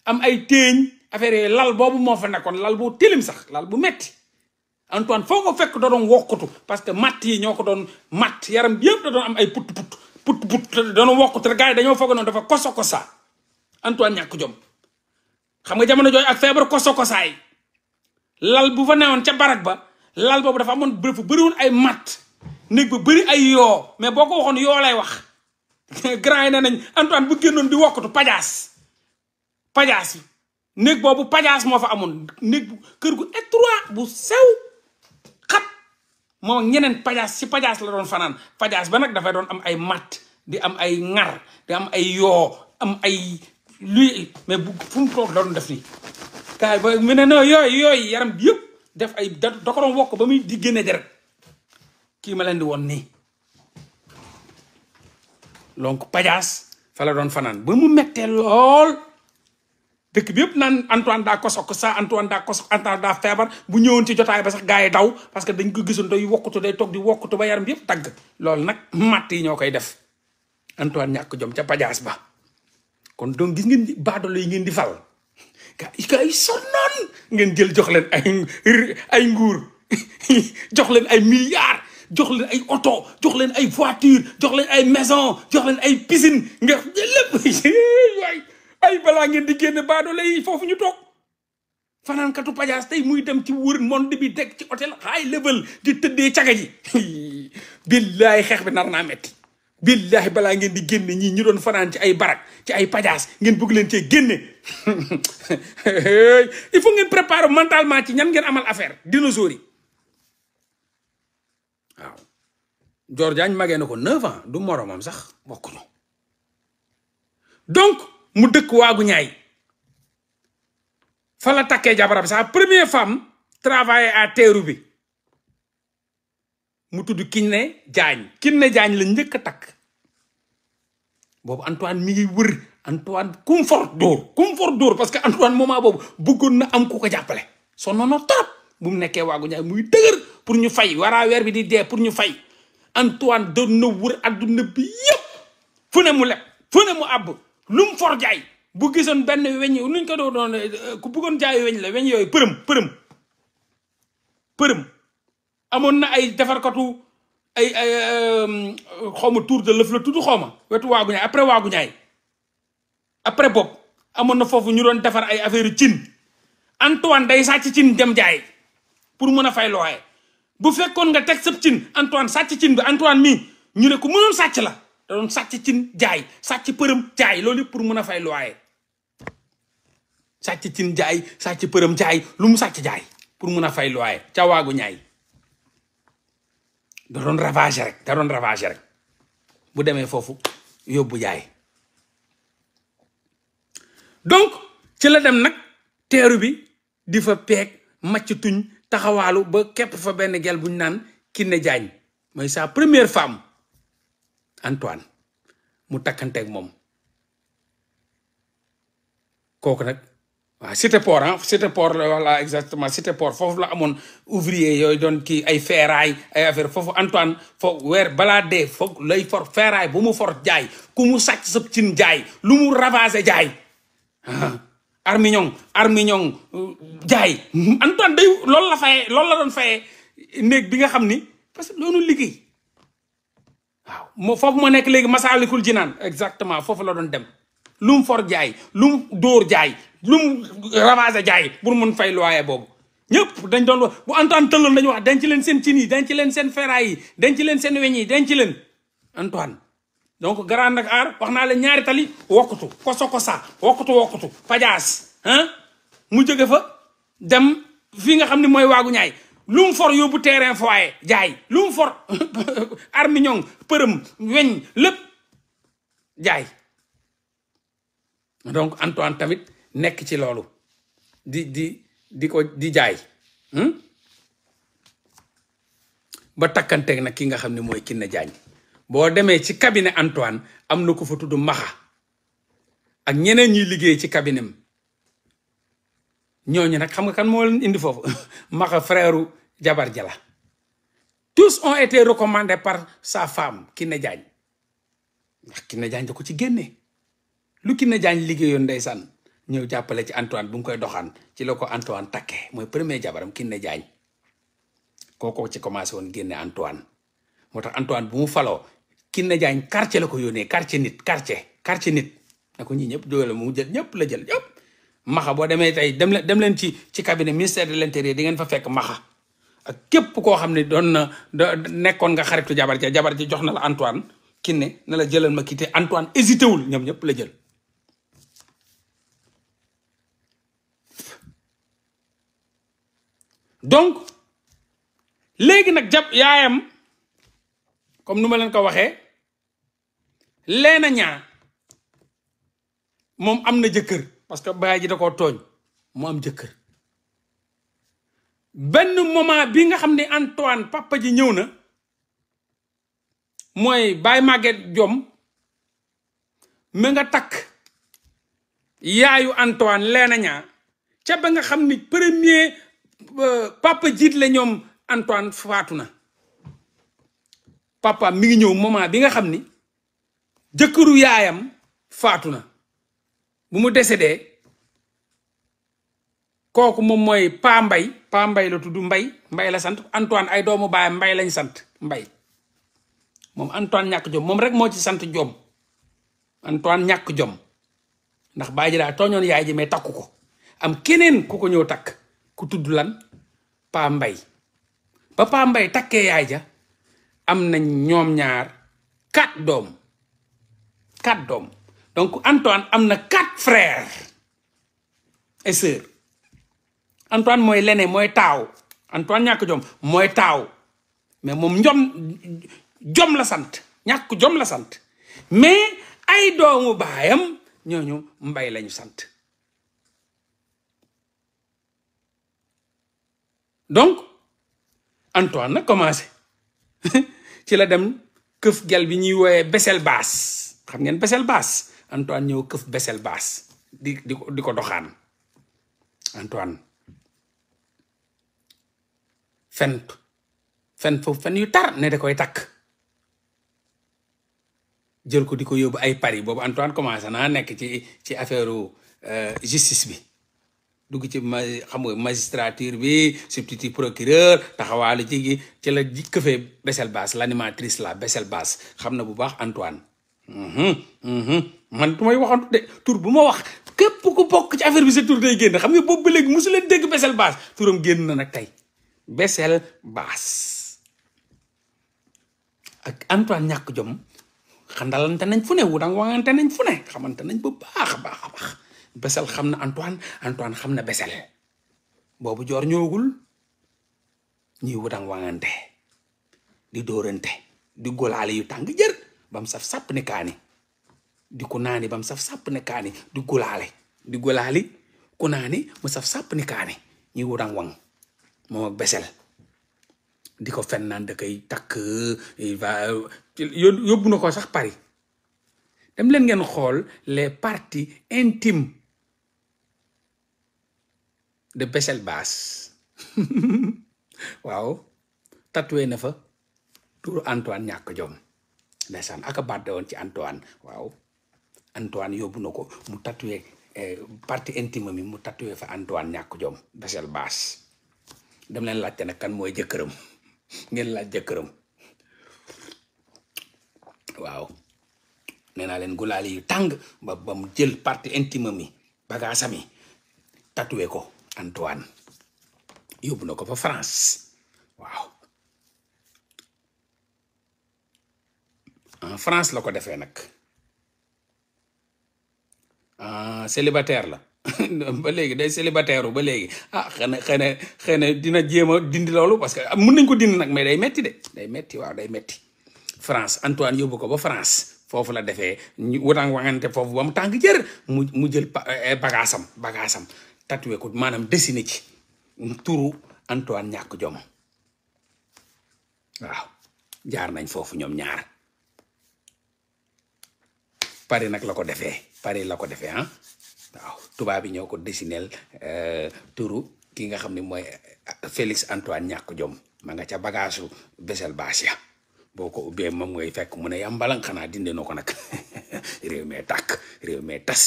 am ay teñ affaire lal bobu mo fa nekkon lal bu tilim sax lal bu metti Antoine foko ko fekk da doon wokkutu parce que mat yi ñoko don mat yaram bi yëpp da am ay put put put put da doon wokkutu te gars yi dañoo foog dafa koso kosa Antoine ñak jom xam nga jamono joy ak febr koso kosaay lal bu fa neewon ca barak ba lal boobu dafa amoon bërëb fu ay matt néeg bu bëri ay yoo mais boo ko waxoon yoo lay wax (laughs) grand yi ne nañ Antoine bu génnoon di wokkatu pajaas pajaas yi néeg boobu pajaas moo fa amoon néeg bu kër gu étroit bu sew xat moom ak ñeneen pajaas ci pajaas la doon fanaan pajaas ba nag dafay doon am ay matt di am ay ŋar di am ay yoo am ay luy mais bu fu toog la doon def nii gars yi ba mu ne non yooyu yooyu yaram yëpp def ay da da ko ba muy di génne deret ki ma len di won ni donc pajas fa la don fanan ba mu lol dekk bi yep nan Antoine kosok sa Antoine da kosok Antoine da febar bu ñewon ci jotay ba sax gaay daw parce que dañ ko day wokkutu day tok di wokkutu ba yaram bi yëpp nak loolu nag matt def Antoine ñak jom ca pajas ba kon do gis ngeen yi ngeen di fal gars sonnoon ngeen jël jox leen ay ay nguur (laughs) jox leen ay milliards jox leen ay oto jox leen ay voiture jox leen ay maison jox leen ay piscine nga lépp (laughs) waay ay balaa ngeen di génn baadoole yi foofu ñu toog fanaankatu pajaas tey muy dem ci wër monde bi teg ci hôtel high level di tëddee caga ji (laughs) billaay xeex bi nar naa metti billaahi balaa ngeen di génne ñii ñu doon fanaan ci ay barak ci ay pajaas ngeen bëgg leen cee génne (laughs) il faut ngeen préparer mentalement ci ñan ngeen amal affaire dino yi waaw. joor jaañ magee na ko neuf ans du moromam sax bokkuñu donc mu dëkk waagu ñaay fa la takkee jabaram sa première femme travaillait à teeru bi. mu tudd Kiné jaañ Kiné jaañ la njëkk a takk boobu Antoine mi ngi wër Antoine kum for dóor kum parce que Antoine moment boobu bëggoon na am ku ko jàppale sonnoon na trop bu mu nekkee waagu ñaay muy dëgër pour ñu fay waraa weer bi di dee pour ñu fay Antoine doon na wër adduna bi yëpp fu ne mu leb fu ne mu àbb lu mu for jaay bu gisoon benn weñ nuñ ko doo doon ku buggoon jaay weñ la weñ yooyu përëm përëm përëm amoon na ay defarkatu ay ay euh, xaw ma tour de lëf la tudd xaw ma wetu waagu ñaay après waagu ñaay après bopp amoon na foofu ñu doon defar ay affaire cin Antoine day sàcc cin dem jaay pour mën a fay looye bu fekkoon nga teg sëb cin Antoine sàcc cin bi Antoine mii ñu ne ko mënoon sàcc la da sàcc cin jaay sàcc përëm jaay loolu pour mën a fay sàcc cin jaay sàcc përëm jaay lu mu sàcc jaay pour mun a fay looye ca waagu ñaay da doon rek da doon rek bu demee foofu yóbbu jaay donc ci la dem nag teeru bi di fa peeg màcc tuñ taxawaalu ba képp fa benn gel buñ naan Kiné Diagne mooy sa première femme Antoine mu takkanteeg moom kooku nag waaw cité port ah cité port la voilà exactement cité port foofu la amoon ouvrier yooyu doon kii ay feeraay ay affaire foofu Antoine foog weer balaa dee lay for feeraay bu mu for jaay ku mu sàcc sa cin jaay lu mu ravagé jaay armignon (laughs) armignon euh, jaay (laughs) Antoine day loolu la fayee doon fayee néeg bi nga xam ni parce que loolu liggéey waaw moo foofu moo nekk léegi Masaalikul naan exactement foofu la doon dem lu mu for jaay lu mu dóor jaay lu mu ravagé jaay pour mun fay loyer boobu ñëpp dañ doon wax bu Antoine tëlloon dañu wax denc leen seen cin yi denc leen seen ferraille yi denc leen seen weñ yi denc leen Antoine donc Grand Dakar wax naa leen ñaari tali wokkutu koso kosa wokkutu wokkutu pajaas ah mu jóge fa dem fii nga xam ne mooy waagu ñaay lu mu for yóbbu terrain foyer jaay lu mu for (laughs) armiñong përëm weñ lépp jaay donc Antoine tamit nekk ci loolu di di di ko di jaay hmm? ba takkanteeg na ki nga xam ne mooy Kiné jaañ boo demee ci kabine Antoine am na ko fa tudd Maxa ak ñeneen ñuy liggéey ci cabinetam ñooñu nag xam nga kan moo indi foofu (laughs) Maxa frère jabar jala tous ont été recommandés par sa femme Kiné Diagne ndax Kiné Diagne ko ci génne lu Kiné Diagne liggéeyoon ndeysaan ñëw jàppale ci Antoine bu mu koy doxaan ci la ko Antoine takke mooy premier jabaram Kiné Diagne kooko ci commencé woon génne Antoine moo tax Antoine bu mu faloo Kiné Diagne jaañ la ko yónnee quartier nit quartier quartier nit na ko ñi ñëpp jógale mu jël ñëpp la jël maxa boo demee tey dem leen dem leen ci ci cabinet ministère de l'intérieur di ngeen fa fekk maxa ak képp koo xam ne doon na nekkoon nga xaritu jabar ja jabar ji jox na la Antoine Kiné na la jëlal ma kii te Antoine wul ñoom ñëpp la jël donc léegi nag jàpp yaayam comme nu ma leen ko waxee leena ñaa moom am na jëkkër parce que baay ji da koo tooñ moo am jëkkër benn moment bi nga xam ni Antoine papa ji ñëw na mooy baay Maguette jom mi nga takk yaayu Antoine leena ñaa ca ba nga xam ni premier Euh, papa jiit la ñoom Antoine faatu na papa mi ngi ñëw moment bi nga xam ni jëkkëru yaayam faatu na bu mu desee de kooku moom mooy Pa Mbay Pa Mbay la tudd Mbay Mbay la sant Antoine ay doomu baayam Mbay lañ sant Mbay moom Antoine ñàkk jom moom rek moo ci sant jom Antoine ñàkk jom ndax baa ji daa tooñoon yaay ji mais takku ko am keneen ku ko ñëw takk ku tudd lan paa mbay ba paa mbay takkee yaay ja am nañ ñoom ñaar quatre doom quatre doom donc Antoine am na quatre frères et sœurs Antoine mooy lene mooy taaw Antoine ñàkk jom mooy taaw mais moom njom jom la sant ñàkk jom la sant mais ay doomu baayam ñooñu mbay lañu sant donc Antoine nag commencé (laughs) ci la dem gel bi ñuy besel bas, xam ngeen besel bas. Antoine ñëw kuf besel bas di di ko doxaan Antoine fen fen foofu fen yu tar ne da koy takk ko di ko ay Paris Antoine commencé naa nekk ci ci affaire euh, justice bi dugg ci xam nga magistrature bi substitut procureur taxawal ci gi ci la këfee Bessel lani l'animatrice la Bessel bass xamna bu baax Antoine mhm, mhm. man tumay may de tour bu ma wax kep ku bok ci affaire bi ce tour day genn xam nga boobu leg musu len deg Bessel bass touram genn na nak tay Bessel bass ak Antoine ñak jom xandalante nañ fu ne wudang wangante nañ fu ne xamante nañ bu baax baax baax Bessél xam na Antoine Antoine xam na Bessél boobu joor ñëwagul ñuy wutang wangante di doorante di golaale yu tàng jër bam saf sàpp ni kaani di ku naani bam saf sàpp ne kaani di golaale di golaali ku naani mu saf sàpp ne kaani ñuy wutang wang moom ak Bessél di ko fen naan da koy takk yóbbu na ko sax pari dem leen ngeen xool les parties intimes de Bessel bas (laughs) wow, tatoué na fa turu Antoine ñàkk jom ndeysaan aka badde woon ci Antoine waaw Antoine yóbbu na ko mu tatoué eh, parti intime mi mu tatoué fa Antoine ñàkk jom Bessel bas dem leen laajte nag kan mooy jëkkëram (laughs) ngeen laaj jëkkëram waaw nee naa leen gulaali yu tàng ba ba mu jël parti intime mi ami tatoué ko Antoine yóbbu na ko ba France waaw France la ko defee nag ah célibataire la (laughs) ba léegi day célibataire ba léegi ah xëy na xëy na xëy na dina jéem a dindi loolu parce que ah, mun nañ ko dindi nag mais day metti de day metti waaw day metti France Antoine yóbbu ko ba France. foofu la defee ñu wutang wangante foofu ba mu tàng jër mu mu jël eh, bagaasam bagaasam tatoué ko manam dessiné ci turu Antoine ñak jom waaw jaar nañ fofu ñom ñaar paré nak lako défé paré lako défé ko ah. waaw tuba bi ñoko dessinel euh turu ki nga xamni moy euh, Félix Antoine ñak jom ma nga ca bagage besel basia, ya. boko ubé ma moy fekk mu né yàmbalan xanaa dinde na ko nag (laughs) réew mee tàkk réew tas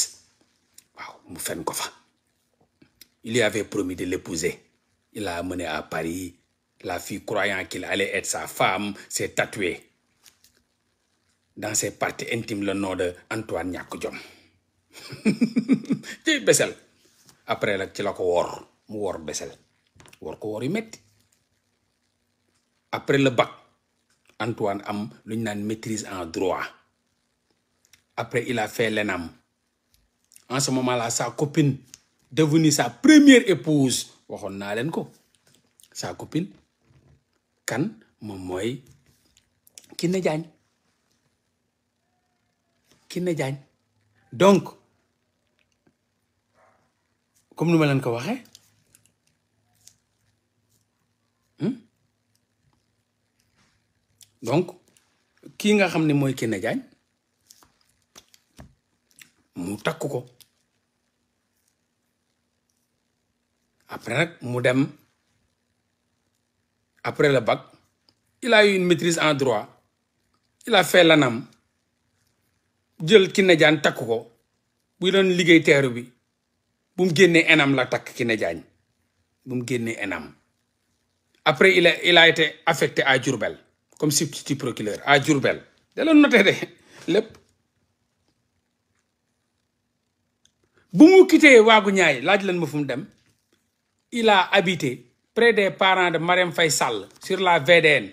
waaw mu fenn ko fa Il lui avait promis de l'épouser. Il l'a amené à Paris. La fille croyant qu'il allait être sa femme s'est tatouée dans ses parties intimes le nom de Antoine Tu jom (laughs) Bessel. après la wor mu wor wor après le bac Antoine a lu maîtrise en droit après il a fait l'ENAM en ce moment là sa copine devenir sa première épouse Waxon na len ko sa copine kan moom mooy Kiné Diagne Kiné Diagne donc comme nous ma ko waxé hmm? donc kii nga xamné moy mooy Kiné Diagne mu takko ko après nag mu dem après le bac il a eu une maîtrise en droit il a fait l'ANAM jël Kiné Diagne takk ko bu doon liggéey teeru bi bu mu ENAM la takk Kiné Diagne bu mu ENAM après il a il a été affecté à Djourbel, comme substitut procureur à Djourbel. da loon noté de lépp bu mu quitté waagu ñaay laaj leen ma fu dem il a habité près des parents de Marème Faisal Sall sur la VDN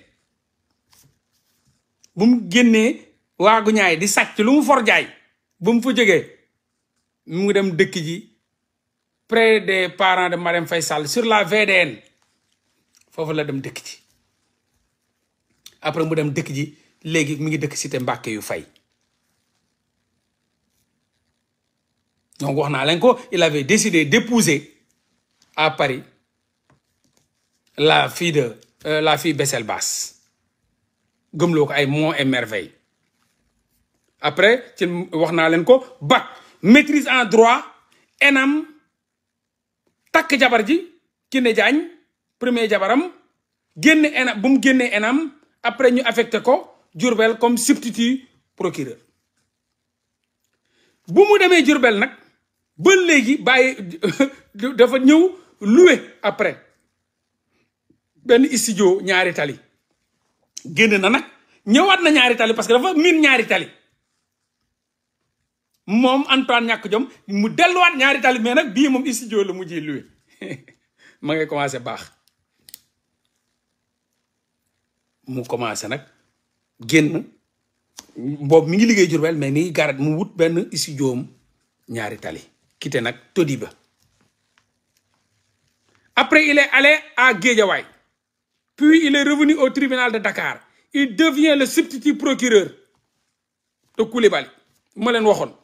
Bum mu wa guñay ñaay di sàcc lu mu for jaay bum fu mu dem dëkk ji près des parents de Marème Faisal Sall sur la VDN fofu la dem dëkk ji après mu dem dëkk ji légui mu ngi dëkk cité Mbàkke yu fay donc wax ko il avait décidé d'épouser à Paris la fille de euh, la fille Besselbas Comme ko ay elle et après wax bac maîtrise en droit enam tak jabar qui ne premier jabaram enam homme, enam après ñu affecté ko comme substitut procureur Si vous avez un ba léegi bàyyi (laughs) dafa ñëw loué après benn studio ñaari tali génn na nag ñëwaat na ñaari tali parce que dafa miin ñaari tali moom Antoine ñàkk jom mu delluwaat ñaari tali mais nag bii moom studio la mujjee loué (laughs) maa ngi commencé baax mu commencé nag génn boobu mi ngi liggéey Jurbel mais mi ngi garat mu wut benn studio ñaari tali nak Todiba après il est allé à Guédiawaye puis il est revenu au tribunal de Dakar il devient le substitut procureur de Koulibaly ma leen waxoon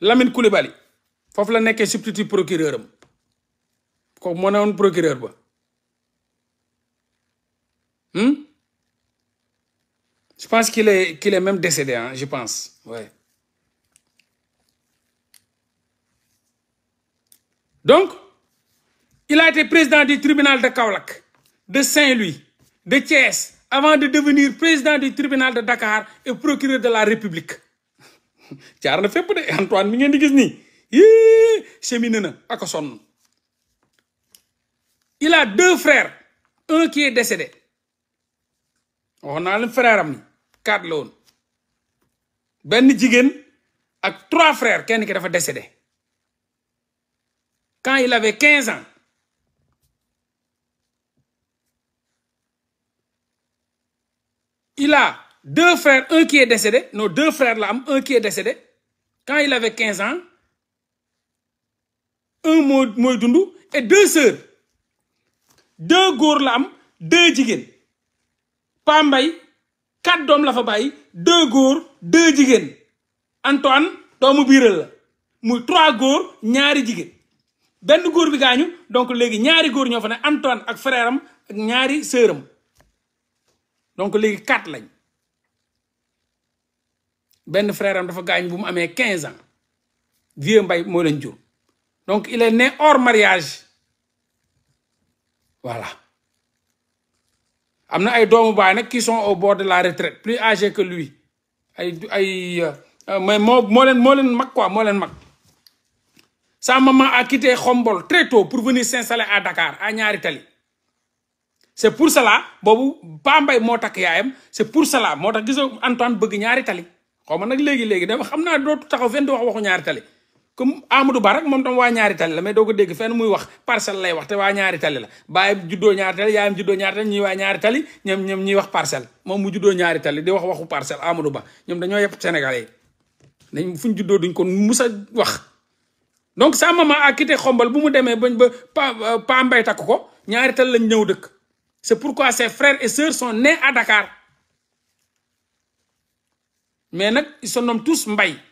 Lamine Koulibaly Il la le substitut procureur Il est le procureur je pense qu'il est, qu'il est même décédé, hein, je pense. Ouais. Donc, il a été président du tribunal de Kaolack, de Saint-Louis, de Thiès, avant de devenir président du tribunal de Dakar et procureur de la République. (laughs) na fait de Antoine mi C'est il a deux frères un qui est décédé On a un frère ami quatre Ben Jigen, a trois frères qui ki dafa décédé quand il avait 15 ans il a deux frères un qui est décédé nos deux frères là, un qui est décédé quand il avait 15 ans un moy et deux sœurs deux gourlam, deux jigéen Pambay quatre doom la fa bàyyi góor deux jigéen Antoine doomu biiral la muy trois góor ñaari jigéen benn góor bi gaañu donc léegi ñaari góor ñoo fa ne Antoine ak frère ak ñaari sœur donc léegi quatre lañ benn frère dafa gaañu bu mu amee quinze ans vieux mbay moo leen jur donc il est né hors mariage voilà amna ay doomu baay nak qui sont au bord de la retraite plus âgé que lui ay ay euh, mais moo mo len quoi mo len mak sa maman a quitté Khombol très tôt pour venir s'installer à Dakar à ñaari tali c'est pour cela Bobu, Bambey mo tak yaayam c'est pour cela motax tax Antoine bëgg ñaari tali xaw nak légui légui dama xamna do dootu taxaw fenn di wax waxu ñaari tali ko Amadou Ba rek moom tam wa ñaari tali la mais doo ko dégg fenn muy wax parcel lay wax te wa ñaari tali la baye judo ñaari tali yaam juddo ñaari tali ñi wa ñaari tali ñoom ñoom ñi wax parcel mom mu juddo ñaari tali di wax waxu parcel Amadou Ba ñom dañoy yep Sénégalais dañ fuñ juddo duñ ko musa wax donc sa maman a quitté xombal bu mu démé bañ ba pa euh, pa mbay tak ko ñaari tali lañ ñew dekk c'est pourquoi ses frères et sœurs sont nés à Dakar mais nak ils sont tous Mbay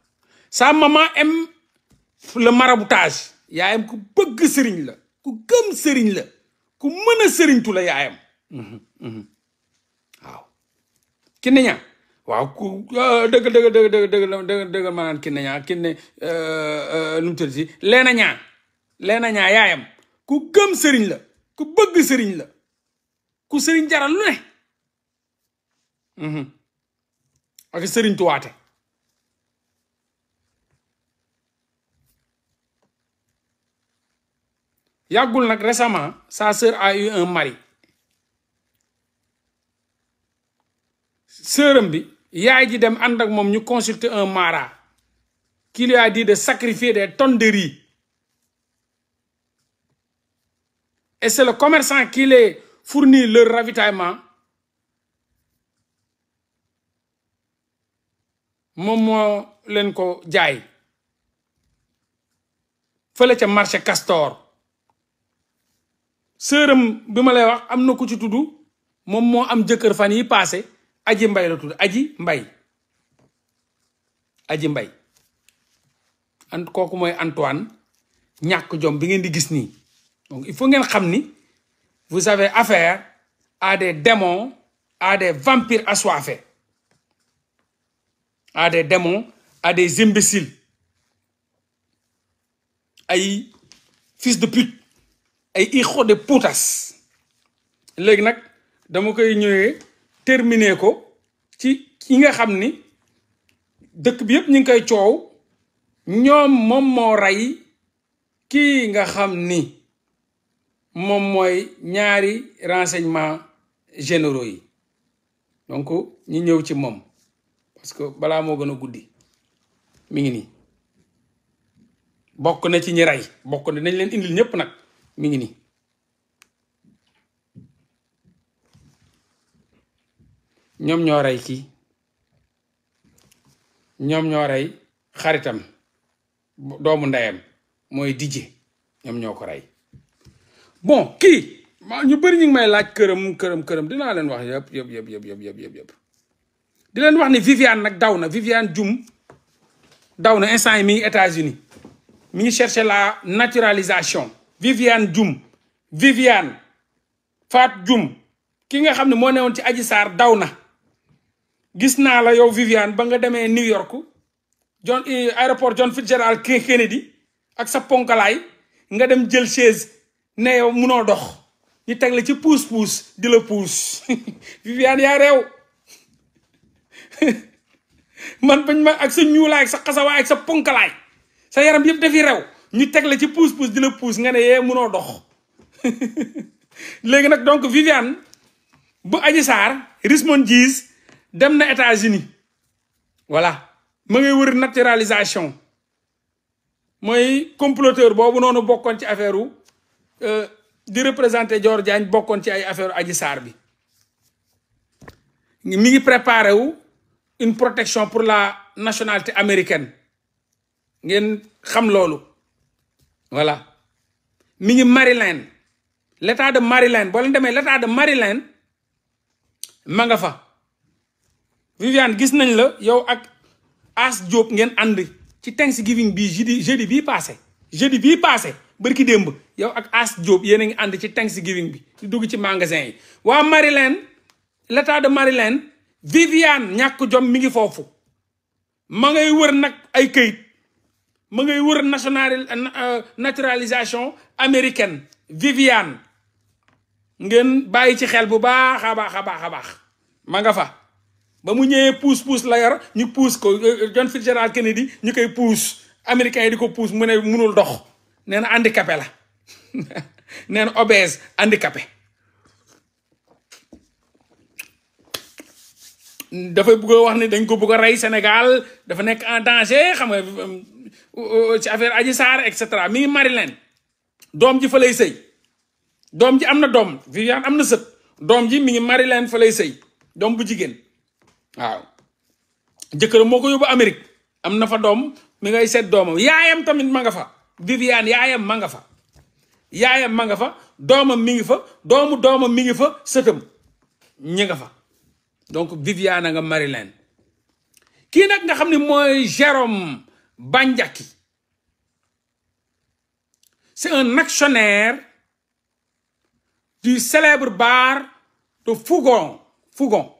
sa maman aime le maraboutage yaayam ku bëgg sëriñ la ku gëm sëriñ la ku mën a sëriñtu la yaayam waaw kinne ñaa waaw ku euh, dëgg dëgg dëgg dëgg dëgg dëgg ma naan kinne ñaa kinne lu euh, euh, mu tëdd si leena ñaa leena yaayam ku gëm sëriñ la ku bëgg sëriñ la ku sëriñ jaral lu ne mhm. ak sëriñ tuwaate Yagul nak récemment sa sœur a eu un mari Il bi yaay ji dem ànd consulter un mara qui lui a dit de sacrifier des tonnes de riz et c'est le commerçant qui a fournit le ravitaillement Il un leen ko jaay marché Castor sëram bima lay wax amna ko ci mom mo am jëkkeur fan yi passé aji mbay la tudd aji mbay aji mbay ant koku moy Antoine ñak jom bi ngeen di gis ni donc il faut ngeen vous avez affaire à des démons à des vampires assoiffés à des démons à des imbéciles ay fils de pute ay ixo de putas léegi nag dama koy ñëwee terminer ko ci ki nga xam ni dëkk bi yëpp ñu ngi koy coow ñoom moom moo rey kii nga xam ni moom mooy ñaari renseignements généraux yi donc ñu ñëw ci moom parce que balaa moo gën a guddi mu ngi nii bokk na ci ñi rey bokk na nañ leen indil ñëpp nag mi ngi nii ñoom ñoo rey kii ñoom ñoo rey xaritam doomu ndeyam mooy dijje ñoom ñoo ko rey bon kii ma ñu bëri ñu ngi may laaj këram këram këram dinaa leen wax yëpp yëpp yëpp yëpp yëpp yëpp yëpp di leen wax ni Viviane nag daw na Viviane Dioum daw na instant yi mi ngi États-Unis mi ngi la naturalisation Viviane Dioum Viviane faat jum ki nga xam ne moo newoon ci Adji Sarr daw na gis naa la yow Viviane ba nga demee New York John eh, aéroport John Fitzgerald Kennedy ak sa ponkalaay nga dem jël chaise ne yow munoo dox ñu teg la ci puus puus di la puus (laughs) Viviane yaa réew (laughs) man bañ ma ak sa ñuulaay ak sa xasawaay ak sa ponkalaay sa yaram yëpp dafi rew ñu teg la ci pouce, pouce, di pouce pousse nga ne yee mënoo dox léegi nag donc Viviane bu aji Sarr Rismon Diis dem na États-Unis voilà ma ngay wër naturalisation mooy comploteur boobu noonu bokkoon ci affaire affaires euh, di représenter Dior Diagne bokkoon ci ay affaire aji Sarr bi mi ngi préparé une protection pour la nationalité américaine ngeen xam loolu voilà mi ngi Maryland l'état de Maryland boo leen demee l'état de Maryland ma nga fa Viviane gis nañ la yow ak As Diop ngeen ànd ci Thanksgiving bii jeudi jeudi bii passé jeudi bii passé bërki démb yow ak As Diop yéen a ngi ànd ci Thanksgiving bi di dugg ci magasin yi waa Maryland l'état de Maryland Viviane ñàkk jom mi ngi foofu ma ngay wër nag ay këyit ma ngay wër national euh, naturalisation américaine Viviane ngeen bàyyi ci xel bu baax a baax a baax a baax ma nga fa ba mu ñëwee puus puus la yor ñu puus ko euh, euh, John Fitzgerald Kennedy ñu koy puus américain yi di ko puus mu ne munul dox nee na handicapé la (laughs) nee na obèse handicapé dafay bëgg a wax ne dañ ko bëgg a rey Sénégal dafa nekk en danger xam nga ci affaire aji saar et cetera mi ngi Maryland doom ji fa lay sëy doom ji am na doom Viviane am na sët doom ji mi ngi Maryland fa lay sëy doom bu jigéen waaw jëkkëram moo ko yóbbu Amérique am na fa doom mi ngay seet doomam yaayam tamit ma nga fa Viviane yaayam ma nga fa yaayam ma nga fa doomam mi ngi fa doomu doomam mi ngi fa sëtam ñi nga fa donc Viviane nga Maryland kii nag nga xam ne mooy Jérôme Banjaki, C'est un actionnaire du célèbre bar de Fougon. Fougon.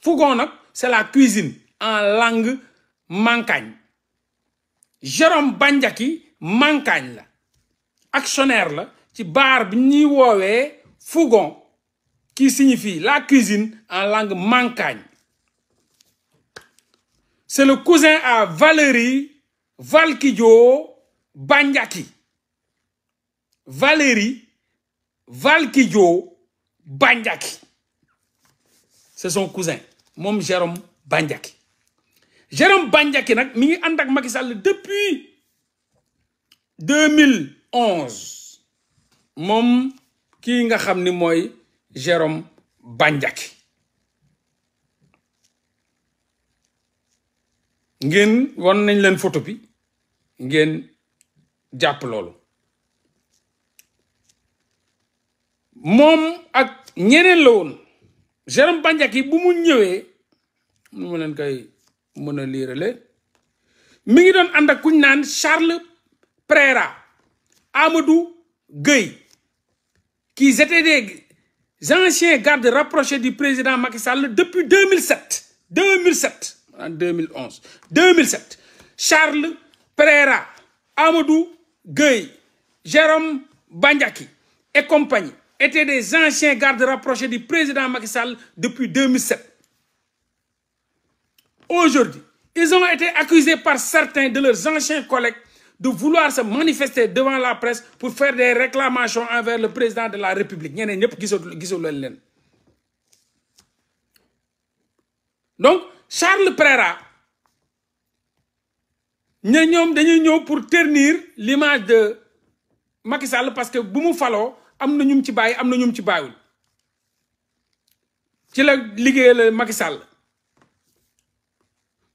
Fougon, c'est la cuisine en langue mancagne. Jérôme Banjaki mancagne Actionnaire qui bar Fougon, qui signifie la cuisine en langue mancagne. C'est le cousin à Valérie Valkidjo Bandiaki. Valérie Valkidjo Banyaki. C'est son cousin, Mom Jérôme Bandiaki. Jérôme Banyaki, nak, mi andak Macky depuis 2011. Mom, qui nga moy Jérôme Bandiaki. ngeen won nañ photo bi ngeen jàpp loolu moom ak ñeneen la woon Jérôme Bandiaky bu mu ñëwee nu ma leen koy mën a mi ngi ak Charles Prera Amadou Gueye qui étaient des anciens gardes rapprochés du président Macky Sall depuis 2007 2007 en 2011. 2007, Charles Pereira, Amadou Gueye, Jérôme Bandiaki et compagnie étaient des anciens gardes rapprochés du président Macky Sall depuis 2007. Aujourd'hui, ils ont été accusés par certains de leurs anciens collègues de vouloir se manifester devant la presse pour faire des réclamations envers le président de la République. Donc, Charles Prera nous sommes dañuy pour ternir l'image de Macky Sall parce que bu mu faloo am na ñum ci baye am na ñum ci bayul ci la liggéey la Macky Sall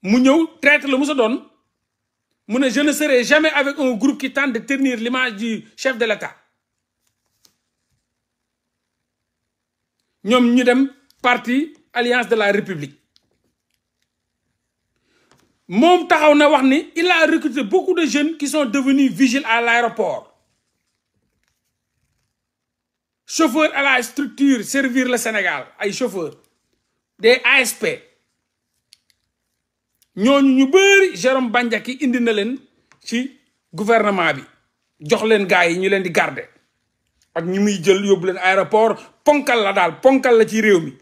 mu ñëw traître le musa je ne serai jamais avec un groupe qui tente de ternir l'image du chef de l'État ñom ñu dem parti Alliance de la République Mom taxaw na wax ni il a recruté beaucoup de jeunes qui sont devenus vigiles à l'aéroport chauffeur à la structure servir le Sénégal ay chauffeurs des ASP ñooñu ñu bëri Jérôme Bandiaky indi na leen ci gouvernement bi jox leen gars yi ñu leen di garder ak ñu muy jël aéroport ponkal la dal, ponkal la ci réew mi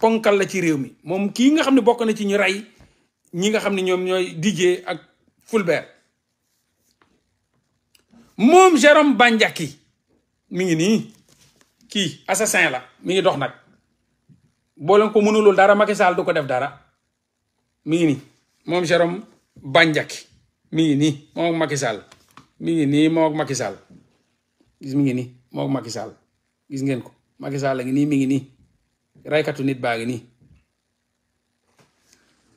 ponkal la ci réew mi moom kii nga xamni ne bokk na ci ñu ray ñi nga xamni ñom ñoy ñooy Didier ak Fulbert moom Jérôme Bandiaki mi ngi ni ki assassin la mi ngi dox nak bo ko mënulul dara Macky Sall du ko def dara mi ngi ni moom Jérôme Bandiaki mi ngi ni moom ak Macky Sall mi ngi ni moom ak Macky Sall gis mi ngi ni moom ak Macky Sall gis ngeen ko Macky Sall la ngi mi ngi raykatu nit baagi ni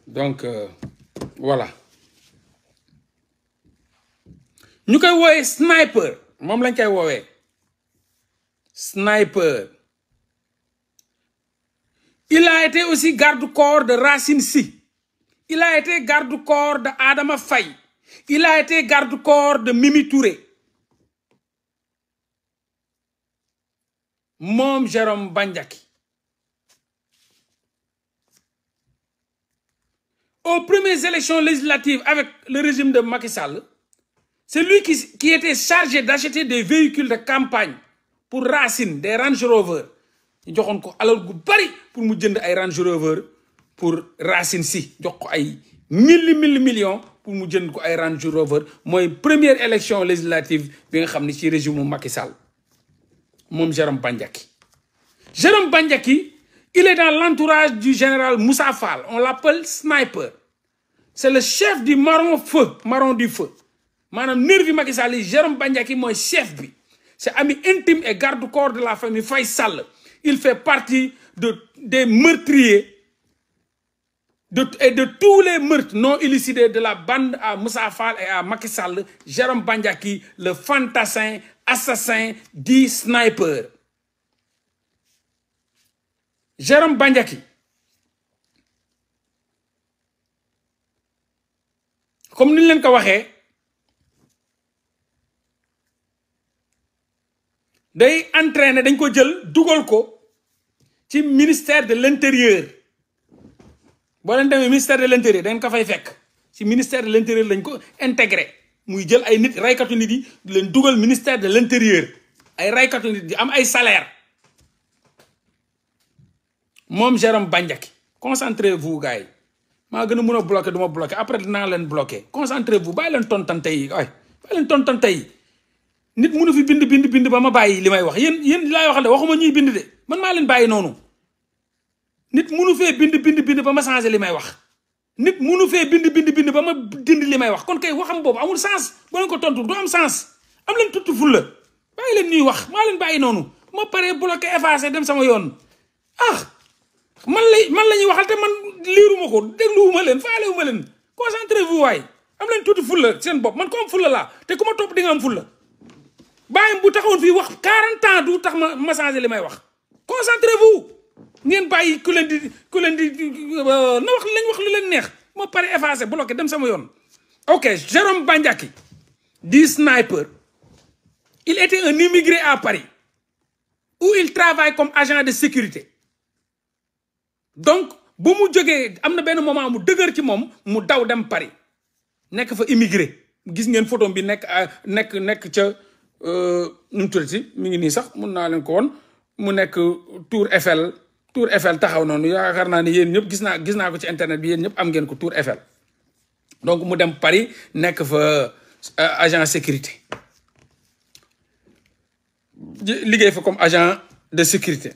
donc euh, voilà Nous avons sniper Nous lañ sniper il a été aussi garde-corps de Racine Si. il a été garde-corps de Adama Faye il a été garde-corps de Mimi Touré Mom Jérôme Bandjaki. aux premières élections législatives avec le régime de Macky Sall, c'est lui qui, était chargé d'acheter des véhicules de campagne pour Racine, des Range Rover. Il a alors bari pour mu jënd ay Range Rover pour Racine si jox ko ay mille mille millions pour mu jënd ko ay Range Rover première élection législative bi nga le régime de Macky Sall C'est Jérôme Bandiaki. Jérôme Bandiaki il est dans l'entourage du général Moussa Fall. On l'appelle Sniper. C'est le chef du marron feu, marron du feu. Madame Nirvi Makissali, Jérôme Bandiaki, mon chef. C'est ami intime et garde-corps de la famille Faisal. Il fait partie des meurtriers et de tous les meurtres non élucidés de la bande à Moussa Fall et à Makisal. Jérôme Bandiaki, le fantassin, assassin, dit sniper. Jérôme Bandiaki comme ni ñu leen ko waxee day entraîner dañ ko jël dugal ko ci ministère de l'intérieur boo leen demee ministère de l'intérieur dañ ko fay fekk ci ministère de l'intérieur lañ ko intégré muy jël ay nit raykatu nit yi leen dugal ministère de l'intérieur ay raykatu nit di am ay salaire mom Jérôme Bandiaky concentrez-vous gars ma gëna mëna bloquer duma bloquer après dinaa len bloquer concentrez-vous bay len tontante yi ay bay len tontante yi nit mënu fi bind bind bind ba ma bàyyi li wax y'en yéen lay waxal de waxuma ñuy bind de man ma len bàyyi noonu nit mënu fee bind bind bind ba ma changé li wax nit mënu fee bind bind bind ba ma dindi limay wax kon kay waxam bobu amul sens bo len ko tontu do am sens am leen tuttu fulla bàyyi len ñuy wax ma len bàyyi noonu ma paré bloquer effacer dem sama yoon ah man lay man la ñuy waxal te man liiruma ko dégluwuma leen faalewuma leen concentrez-vous waay am leen tuuti fulla sen bop man ko am fulla la te kuma top di nga am fulla bàyyam bu taxawon fi wax 40 ans du tax ma massager limay wax concentrez-vous ngeen bàyyi ku len di ku len di euh, na wax lañ wax lu len neex ma pare effacer bloquer dem sama yoon ok Jérôme Bandiaki di sniper il était un immigré à Paris où il travaille comme agent de sécurité donc si mu jógee moment mu deuguer ci mom mu daw Paris Nek fa immigré gis ngeen photo bi nek nek Vous ci euh Vous euh, mi ngi ni sax na len ko mu Tour Eiffel Tour Eiffel taxaw vous Vous yeen gis gis ci internet bi yeen am Tour Eiffel donc mu dem Paris nek fa euh, agent sécurité liggéey fa comme agent de sécurité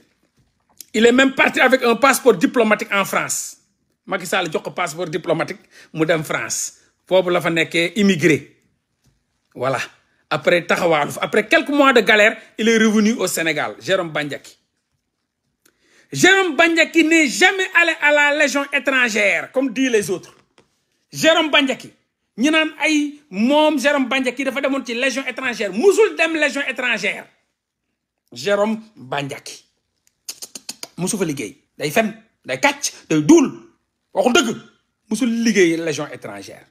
il est même parti avec un passeport diplomatique en France Macky Sall jox un passeport diplomatique en France Pour la fa immigré voilà après après quelques mois de galère il est revenu au Sénégal Jérôme Bandiaki. Jérôme Bandiaki n'est jamais allé à la légion étrangère comme disent les autres Jérôme Bandiaki. Nous avons ay que Jérôme fait dafa demoon la légion étrangère musul dem légion étrangère Jérôme Bandiaki musu fa liggéey day fen day katch day duul waxul deug musul liguey légion étrangère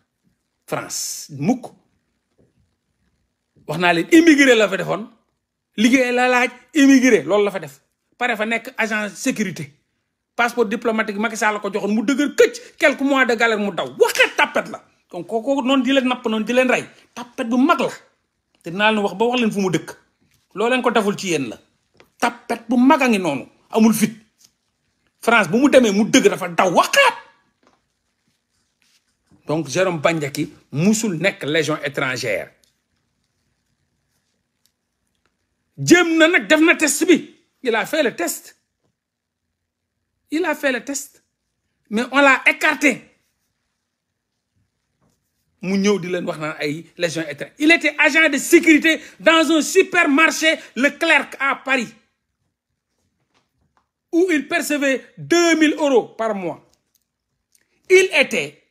France mukk waxna len leen immigré la fa defone liguey la laaj immigré lolou la fa def pare fa nek agent sécurité passeport diplomatique Macky Sall ko joxone mu dëgër keutch quelques mois de galère mu daw waxe tapet la donc kooku non di len nap non di len ray tapet bu mag la te dinaa leen wax ba wax len fu mu dëkk loo ko deful ci yéen la tapet bu magangi nonou amul fit France bu mu demee mu dëgg dafa daw waxaat donc Jérôme Bandiaky musul nek légion étrangère jéem na nag def na test bi il a fait le test il a fait le test mais on l'a écarté mu ñëw di leen wax naan ay légion étrangère il était agent de sécurité dans un supermarché le Clerc à Paris où il percevait 2000 euros par mois. Il était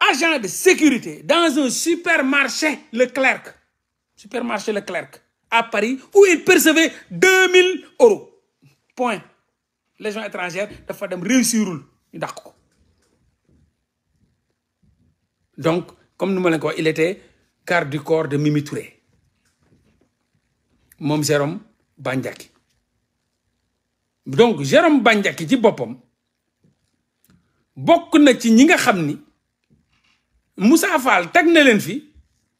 agent de sécurité dans un supermarché Leclerc, supermarché Leclerc à Paris, où il percevait 2000 euros. Point. Les gens étrangers, il réussir. D'accord. Donc, comme nous le il était garde du corps de Mimi Touré. Mom Jérôme donc Jérôme Bandiaky ci boppam bokk na ci ñi nga xam ni Moussa Fall teg na leen fi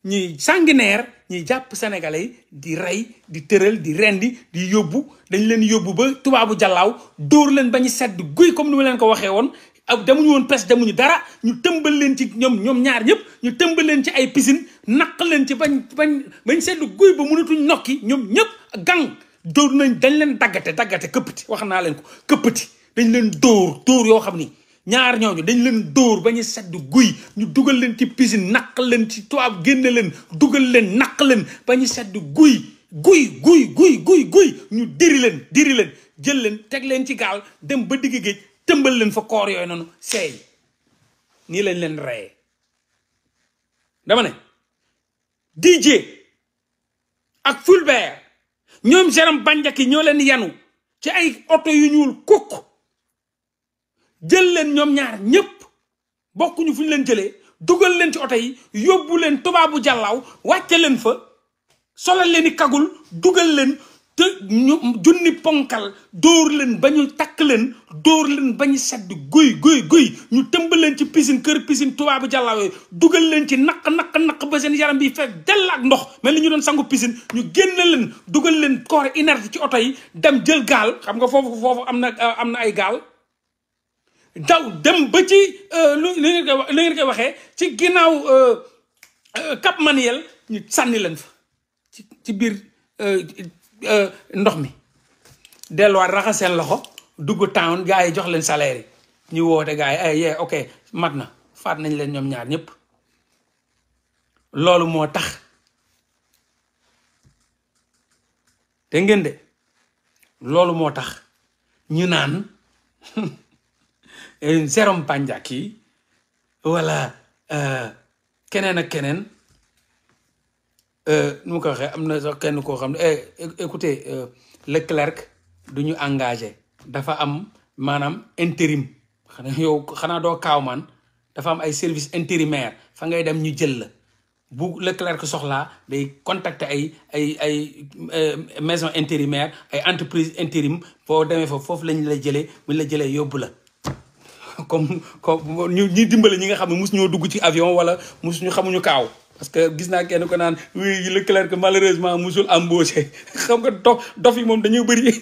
ñuy sanguinaire ñuy jàpp sénégalais di rey di tëral di rendi di yóbbu dañ leen yóbbu ba tubaabu jallaaw dóor leen ba ñu sedd guy comme ni ma leen ko waxee woon ak demuñu woon presse demuñu dara ñu tëmbal leen ci ñoom ñoom ñaar ñëpp ñu tëmbal leen ci ay piscine naq leen ci bañ bañ bañ sedd guy ba mënatuñ nokki ñoom ñëpp gang door nañ dañ leen daggate daggate këppati wax naa leen ko këppati dañ leen door dóor yoo xam ni ñaar ñooñu dañ leen dóor bañu ñu sedd guy ñu dugal leen ci piscine naq leen ci tubaab génne leen dugal leen naq leen bañu ñu sedd guy guy guy guy guy guy ñu diri leen diri leen jël leen teg leen ci gaal dem ba digg géej tëmbal leen fa koor yooyu noonu seey nii lañ leen reye dama ne DJ ak Fulbert ñoom Jérôme Bandiaky ñoo leen yanu ci ay oto yu ñuul kukk jël leen ñoom ñaar ñëpp bokkuñu fu ñu leen jëlee dugal leen ci oto yi yóbbu leen tubaabu jàllaaw wàcce leen fa solal leen i kagul dugal leen ñu junni ponkal dóor leen ba ñu takk leen dóor leen ba ñu sedd guy guy guy ñu tëmb leen ci pisin kër piscine tubaabu jàllawee dugal leen ci naq naq naq ba seen yaram bi fekk dell ak ndox mel ni ñu doon sangu piscine ñu génn leen dugal leen corps inerte ci oto yi dem jël gaal xam nga foofu foofu am na am na ay gaal daw dem ba ci euh, lu ngeen koy lu ngeen koy waxee ci ginnaaw euh, euh, Cap Manuel ñu sànni leen fa ci ci biir. Euh, ndox mi delluwaat raxas seen loxo dugg town gars yi jox leen salaire yi ñu woote gars ay eh, yee ok mat na faat nañ leen ñoom ñaar ñëpp loolu moo tax te ngeen de loolu moo tax ñu naan Jérôme (laughs) eh, Bandiaky wala euh, keneen ak keneen Euh, nu ma ko waxee sax kenn koo xam ne eh, écoutez euh, le clerc du ñu engagé dafa am manam intérim xanaa yow do doo kaawman dafa am ay service intérimaire fa ngay dem ñu jël la bu le clerc soxla day contacter ay ay ay euh, maison intérimaire ay entreprise intérim boo démé fo foofu lañ la jëlee buñ la jëlee yóbbu la comme comme ñu ñuy dimbale ñi nga xam ne mus ñoo dugg ci avion wala mus ñu xamuñu kaw. parce que gis na kenn ko naan oui clerc malheureusement musul embauché xam nga dof dof yi moom dañoo bëri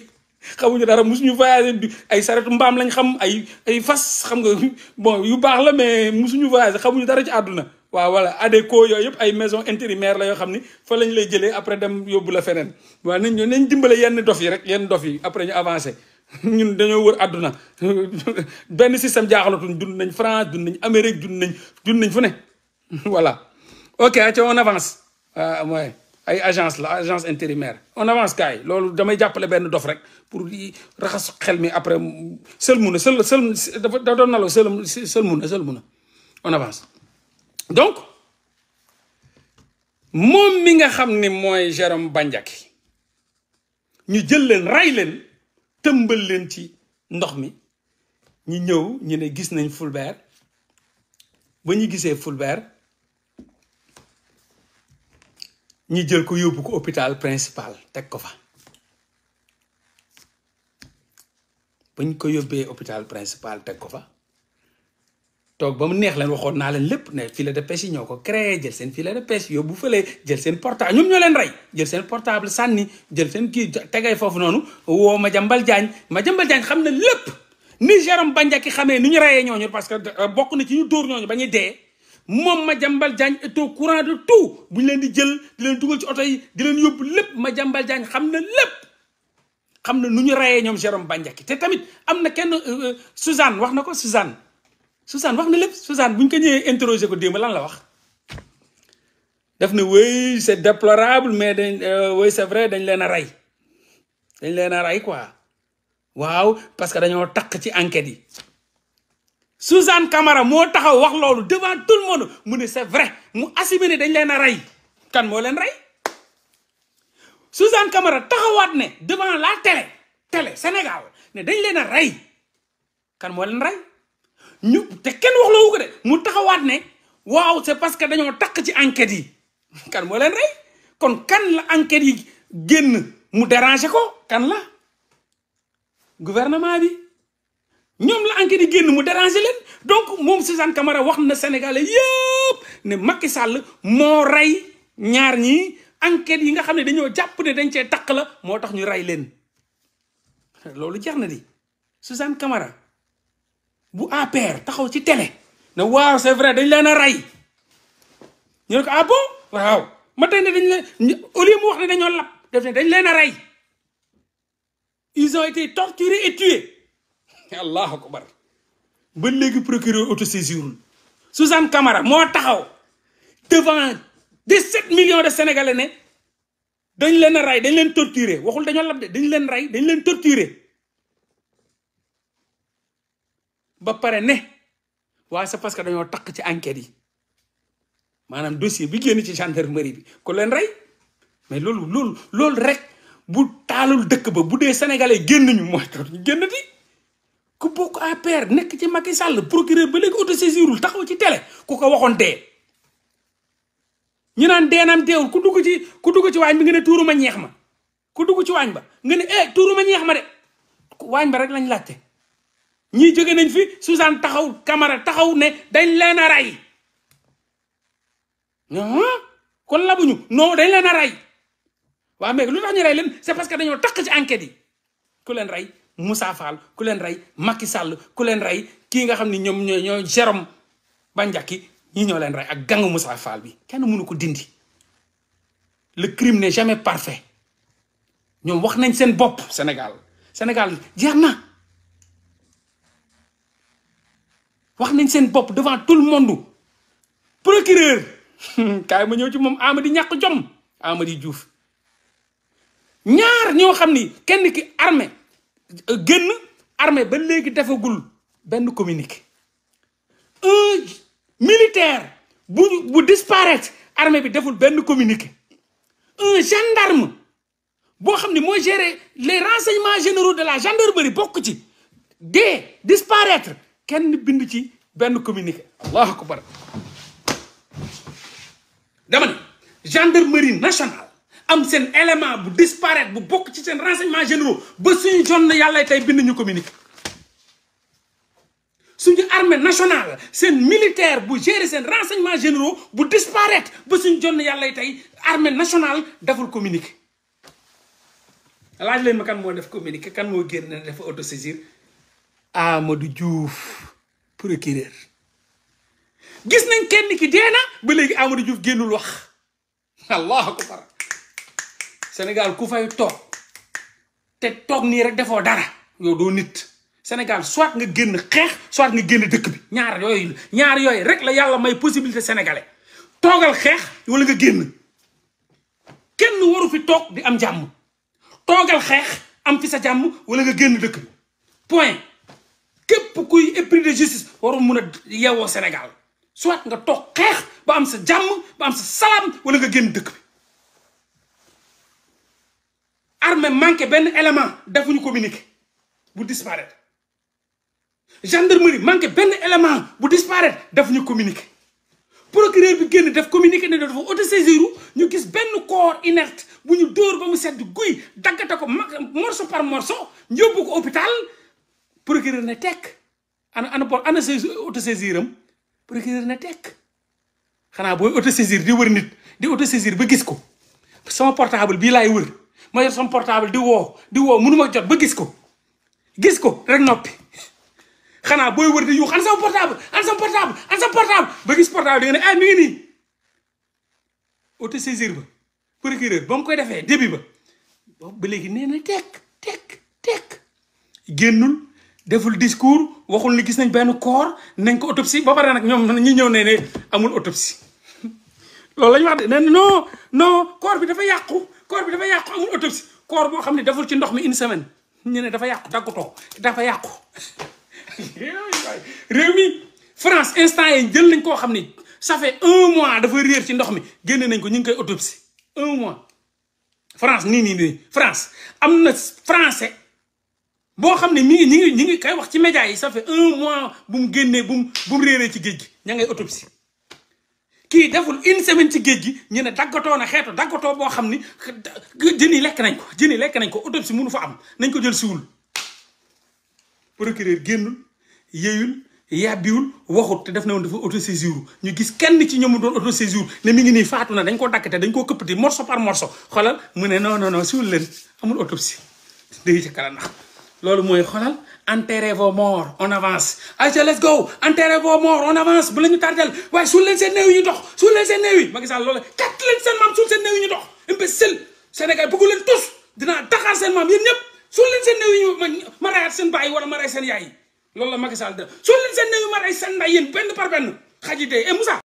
xamuñu dara musuñu voyager ay saretu mbam lañ xam ay ay fas xam nga bon yu bax la mais musuñu voyagé xamuñu dara ci aduna wa wala voilà ko yoy yep ay maison intérimaire la yo xamni fa lañ lay jëlé après dem yobul la fenen wa nañ ñu nañ dimbalé yenn dof yi rek yenn dof yi après ñu avancer ñun dañu wër aduna (laughs) ben système jaaxalatuñ dund nañ France dund nañ Amérique dund nañ dund nañ fu né (laughs) voilà ok on avance Euh, agence agence intérimaire on avance Kay. loolu damay vais dof rek pour raxas xel après seul monde, seul seul on avance donc mon mi nga Jérôme banjaki. ñu jël leen ray leen Nous leen ci ne gis Fulbert ba Fulbert ñi jël ko yóbbu ko hôpital principal teg ko fa buñ ko yóbbee hôpital principal teg ko fa toog ba mu neex leen waxoon naa leen lépp ne filet de pêche yi ñoo ko créé jël seen filet de pêche yóbbu fële jël seen portable ñoom ñoo leen rey jël seen portable sànni jël seen kii tegay foofu noonu woo Madiambal Diagne Madiambal Diagne xam ne lépp ni Jérôme Bandiaky xamee nu ñu reyee ñooñu parce que euh, bokk na ci ñu dóor ñooñu ba ñuy dee moom ma Diagne est au courant de tout buñ leen di jël di leen dugal ci oto yi di leen yóbbu lépp Madiambal Diagne xam na lépp xam na nu ñu rayee ñoom Jérôme Bandiaky te tamit am na kenn euh, euh, Suzanne wax na ko Suzanne Suzanne wax na lépp Suzanne bu ñu ko ñëwee interroger ko démb la wax daf ne oui c'est déplorable mais dañ euh, oui c'est vrai dañ leen a rey dañ leen a rey quoi waaw parce que dañoo taq ci enquête yi Suzanne Camara moo taxaw wax loolu devant tout le mu ne c'est vrai mu assumé ne dañ leen a rey kan moo leen rey Suzanne Camara taxawaat ne devant laa télé tele Sénégal ne dañ leen a rey kan moo leen rey ñu te kenn wax loowu ko de mu taxawaat ne waaw c'est parce que dañoo takk ci enquête yi kan moo leen rey kon kan la enquête yi génn mu déranger ko kan la gouvernement bi ñoom la enquête yi génn mu déranger leen donc moom Suzanne kamara wax na Sénégalais yëpp ne Macky Sall moo rey ñaar ñi enquête yi nga xam ne dañoo jàpp ne dañ cee takk la moo tax ñu rey leen loolu jeex na di Suzanne Camara bu APR taxaw ci télé ne waaw c'est vrai dañ leen a rey ñu ne ko ah bon waaw ma tey ne dañ leen au lieu mu dañoo lap def dañ leen a rey ils ont été torturés et te allahu akbar ba léegi procureur autosaisirul Suzanne Camara moo taxaw devant sept millions de sénégalais ne dañ leen a dañ leen torturer waxul dañoo lab de leen rey dañ leen torturer ba pare ne waaye c'est parce que dañoo takk ci enquête yi maanaam dossier bi génn ci gendarmerie bi ku leen rey mais loolu loolu loolu rek bu taalul dëkk ba bu dee sénégalais génn ñu mooy ñu génn di ku bokk APR nek ci Macky Sall procureur ba léegi auto saisirul taxaw ci télé ku ko waxon dé ñu nan dénam deewul ku dugg ci ku dugg ci wañ bi nga ne ñeex ma ku dugg ci wañ ba nga ne eh tuuruma ñeex ma de wañ ba rek lañ laajte ñi jogé nañ fi Suzanne taxaw Camara taxaw ne dañ leen ray rey ah, kon buñu non dañ leen ray wa mais lu tax ñu ray leen c'est parce que dañu takk ci enquête yi ku leen ray mussa faal ku leen rey Macky Sall ku leen rey kii nga xam ni ñoom ñoo ñoo Jérôme Bandiaky ñii ñoo leen rey ak gàng mussa faal bi kenn mënu ko dindi le crime n'est jamais parfait ñoom wax nañ seen bopp Sénégal Sénégal jeex na wax nañ seen bopp devant tout le monde procureur (laughs) kaay ma ñëw ci moom Amady ñàkk jom Amady Diouf ñaar ñoo xam ni kenn ki armée génn armée ba léegi defagul benn communiqué un militaire bu bu disparaître bi deful benn communiqué un gendarme boo xam ne mooy gérer les renseignements généraux de la gendarmerie bokk ci dee kenn bind ci benn communiqué allahu akbar dama ne gendarmerie nationale am seen élément bu disparaître bu bokk ci seen renseignements généraux ba suñu jonn yàlla tey bind ñu communiquer. suñu armée nationale seen militaire bu gérer seen renseignements généraux bu disparaître ba suñu jonn yàlla tey armée nationale daful communiquer. laaj leen ma kan moo def communiquer, kan moo génn ne dafa saisir. Amadou Diouf procureur gis nañ kenn ki dee na ba léegi Amadou Diouf génnul wax allahu akbar Senegal ku fay tok té tok ni rek defo dara yo do nit Senegal, soit nga genn xex soit nga genn dekk bi ñaar yoy ñaar yoy rek la yalla may possibilité sénégalais togal xex wala nga genn kenn waru fi tok di am jamm togal xex am fi sa jamm wala nga genn dekk point kep kuy épris de justice waru mëna yewo Senegal Sénégal soit nga tok xex ba am sa jamm ba am sa salam wala nga genn dekk bi armée manqué ben élément defuñu communiquer bu disparaître gendarmerie manqué ben élément bu disparaître defuñu communiquer procureur bi génn def communiqué ne dafa autosaisir ñu gis ben corps inerte bu ñu dóor ba mu sedd guuy dagata ko morceau par morceau yóbbu ko hôpital procureur ne tek ana ana pour ana autosaisir am procureur tek xana boy auto saisir di wër nit di saisir ba gis ko sama portable bi lay wër. ma yor sama portable di woo di woo mënu jot ba gis ko gis ko rek noppi xanaa booy wër di yuux an sama portable an sama portable an ba gis portable di nga ne ah mi ngi mu koy defee début ba ba léegi nee na tekk tekk tekk génnul waxul ni gis nañ benn corps nañ ko autopsie ba pare nag ñoom ñi ñëw ne ne amul autopsie (laughs) loolu la ñu wax de nee non non bi dafa yàqu corps bi dafa yàqu amul autopsie corps boo xam ne deful ci ndox mi une semaine ñu ne dafa yàqu tàggatoo dafa yàqu (laughs) réew mi France instant yi jël nañ koo xam ni ça fait un mois dafa réer ci ndox mi génne nañ ko ñu ngi koy autopsie un mois France nii nii nii France am na français boo xam ne mi ngi ñi ngi ñi ngi kay wax ci média yi ça fait un mois bu mu génnee bu mu bu mu réeree ci géej gi ña ngay autopsie kii deful une semaine ci géej gi ñu ne daggatoo na xeetu daggatoo boo xam ni jën yi lekk nañ ko jën yi lekk nañ ko autopsie mënu fa am nañ ko jël siwul procureur génnul yeyul yàbbiwul waxut te def na woon dafa autosaisir ñu gis kenn ci ñoom doon autosaisir ne mi ngi nii faatu na dañ ko dagg te dañ koo këppati morceau par morceau xoolal mu ne non non non siwul leen amul autopsie day ci kala ndax loolu mooy xoolal enterrez vos morts on avance ayca let's go enterrez vos morts on avance bu la ñu tardel waay suul leen seen néew yi ñu dox suul leen seen néew yi Macky kat leen seen maam suul seen néew ñu dox imbécile Sénégal bëggu leen tous dinaa taxaar seen maam yéen ñëpp suul leen seen néew yi ñu ma rayaat seen baay wala ma seen yaay loolu la Macky Sall def suul leen seen néew yi ma ray seen nday yéen benn par benn xaj yi dee et eh,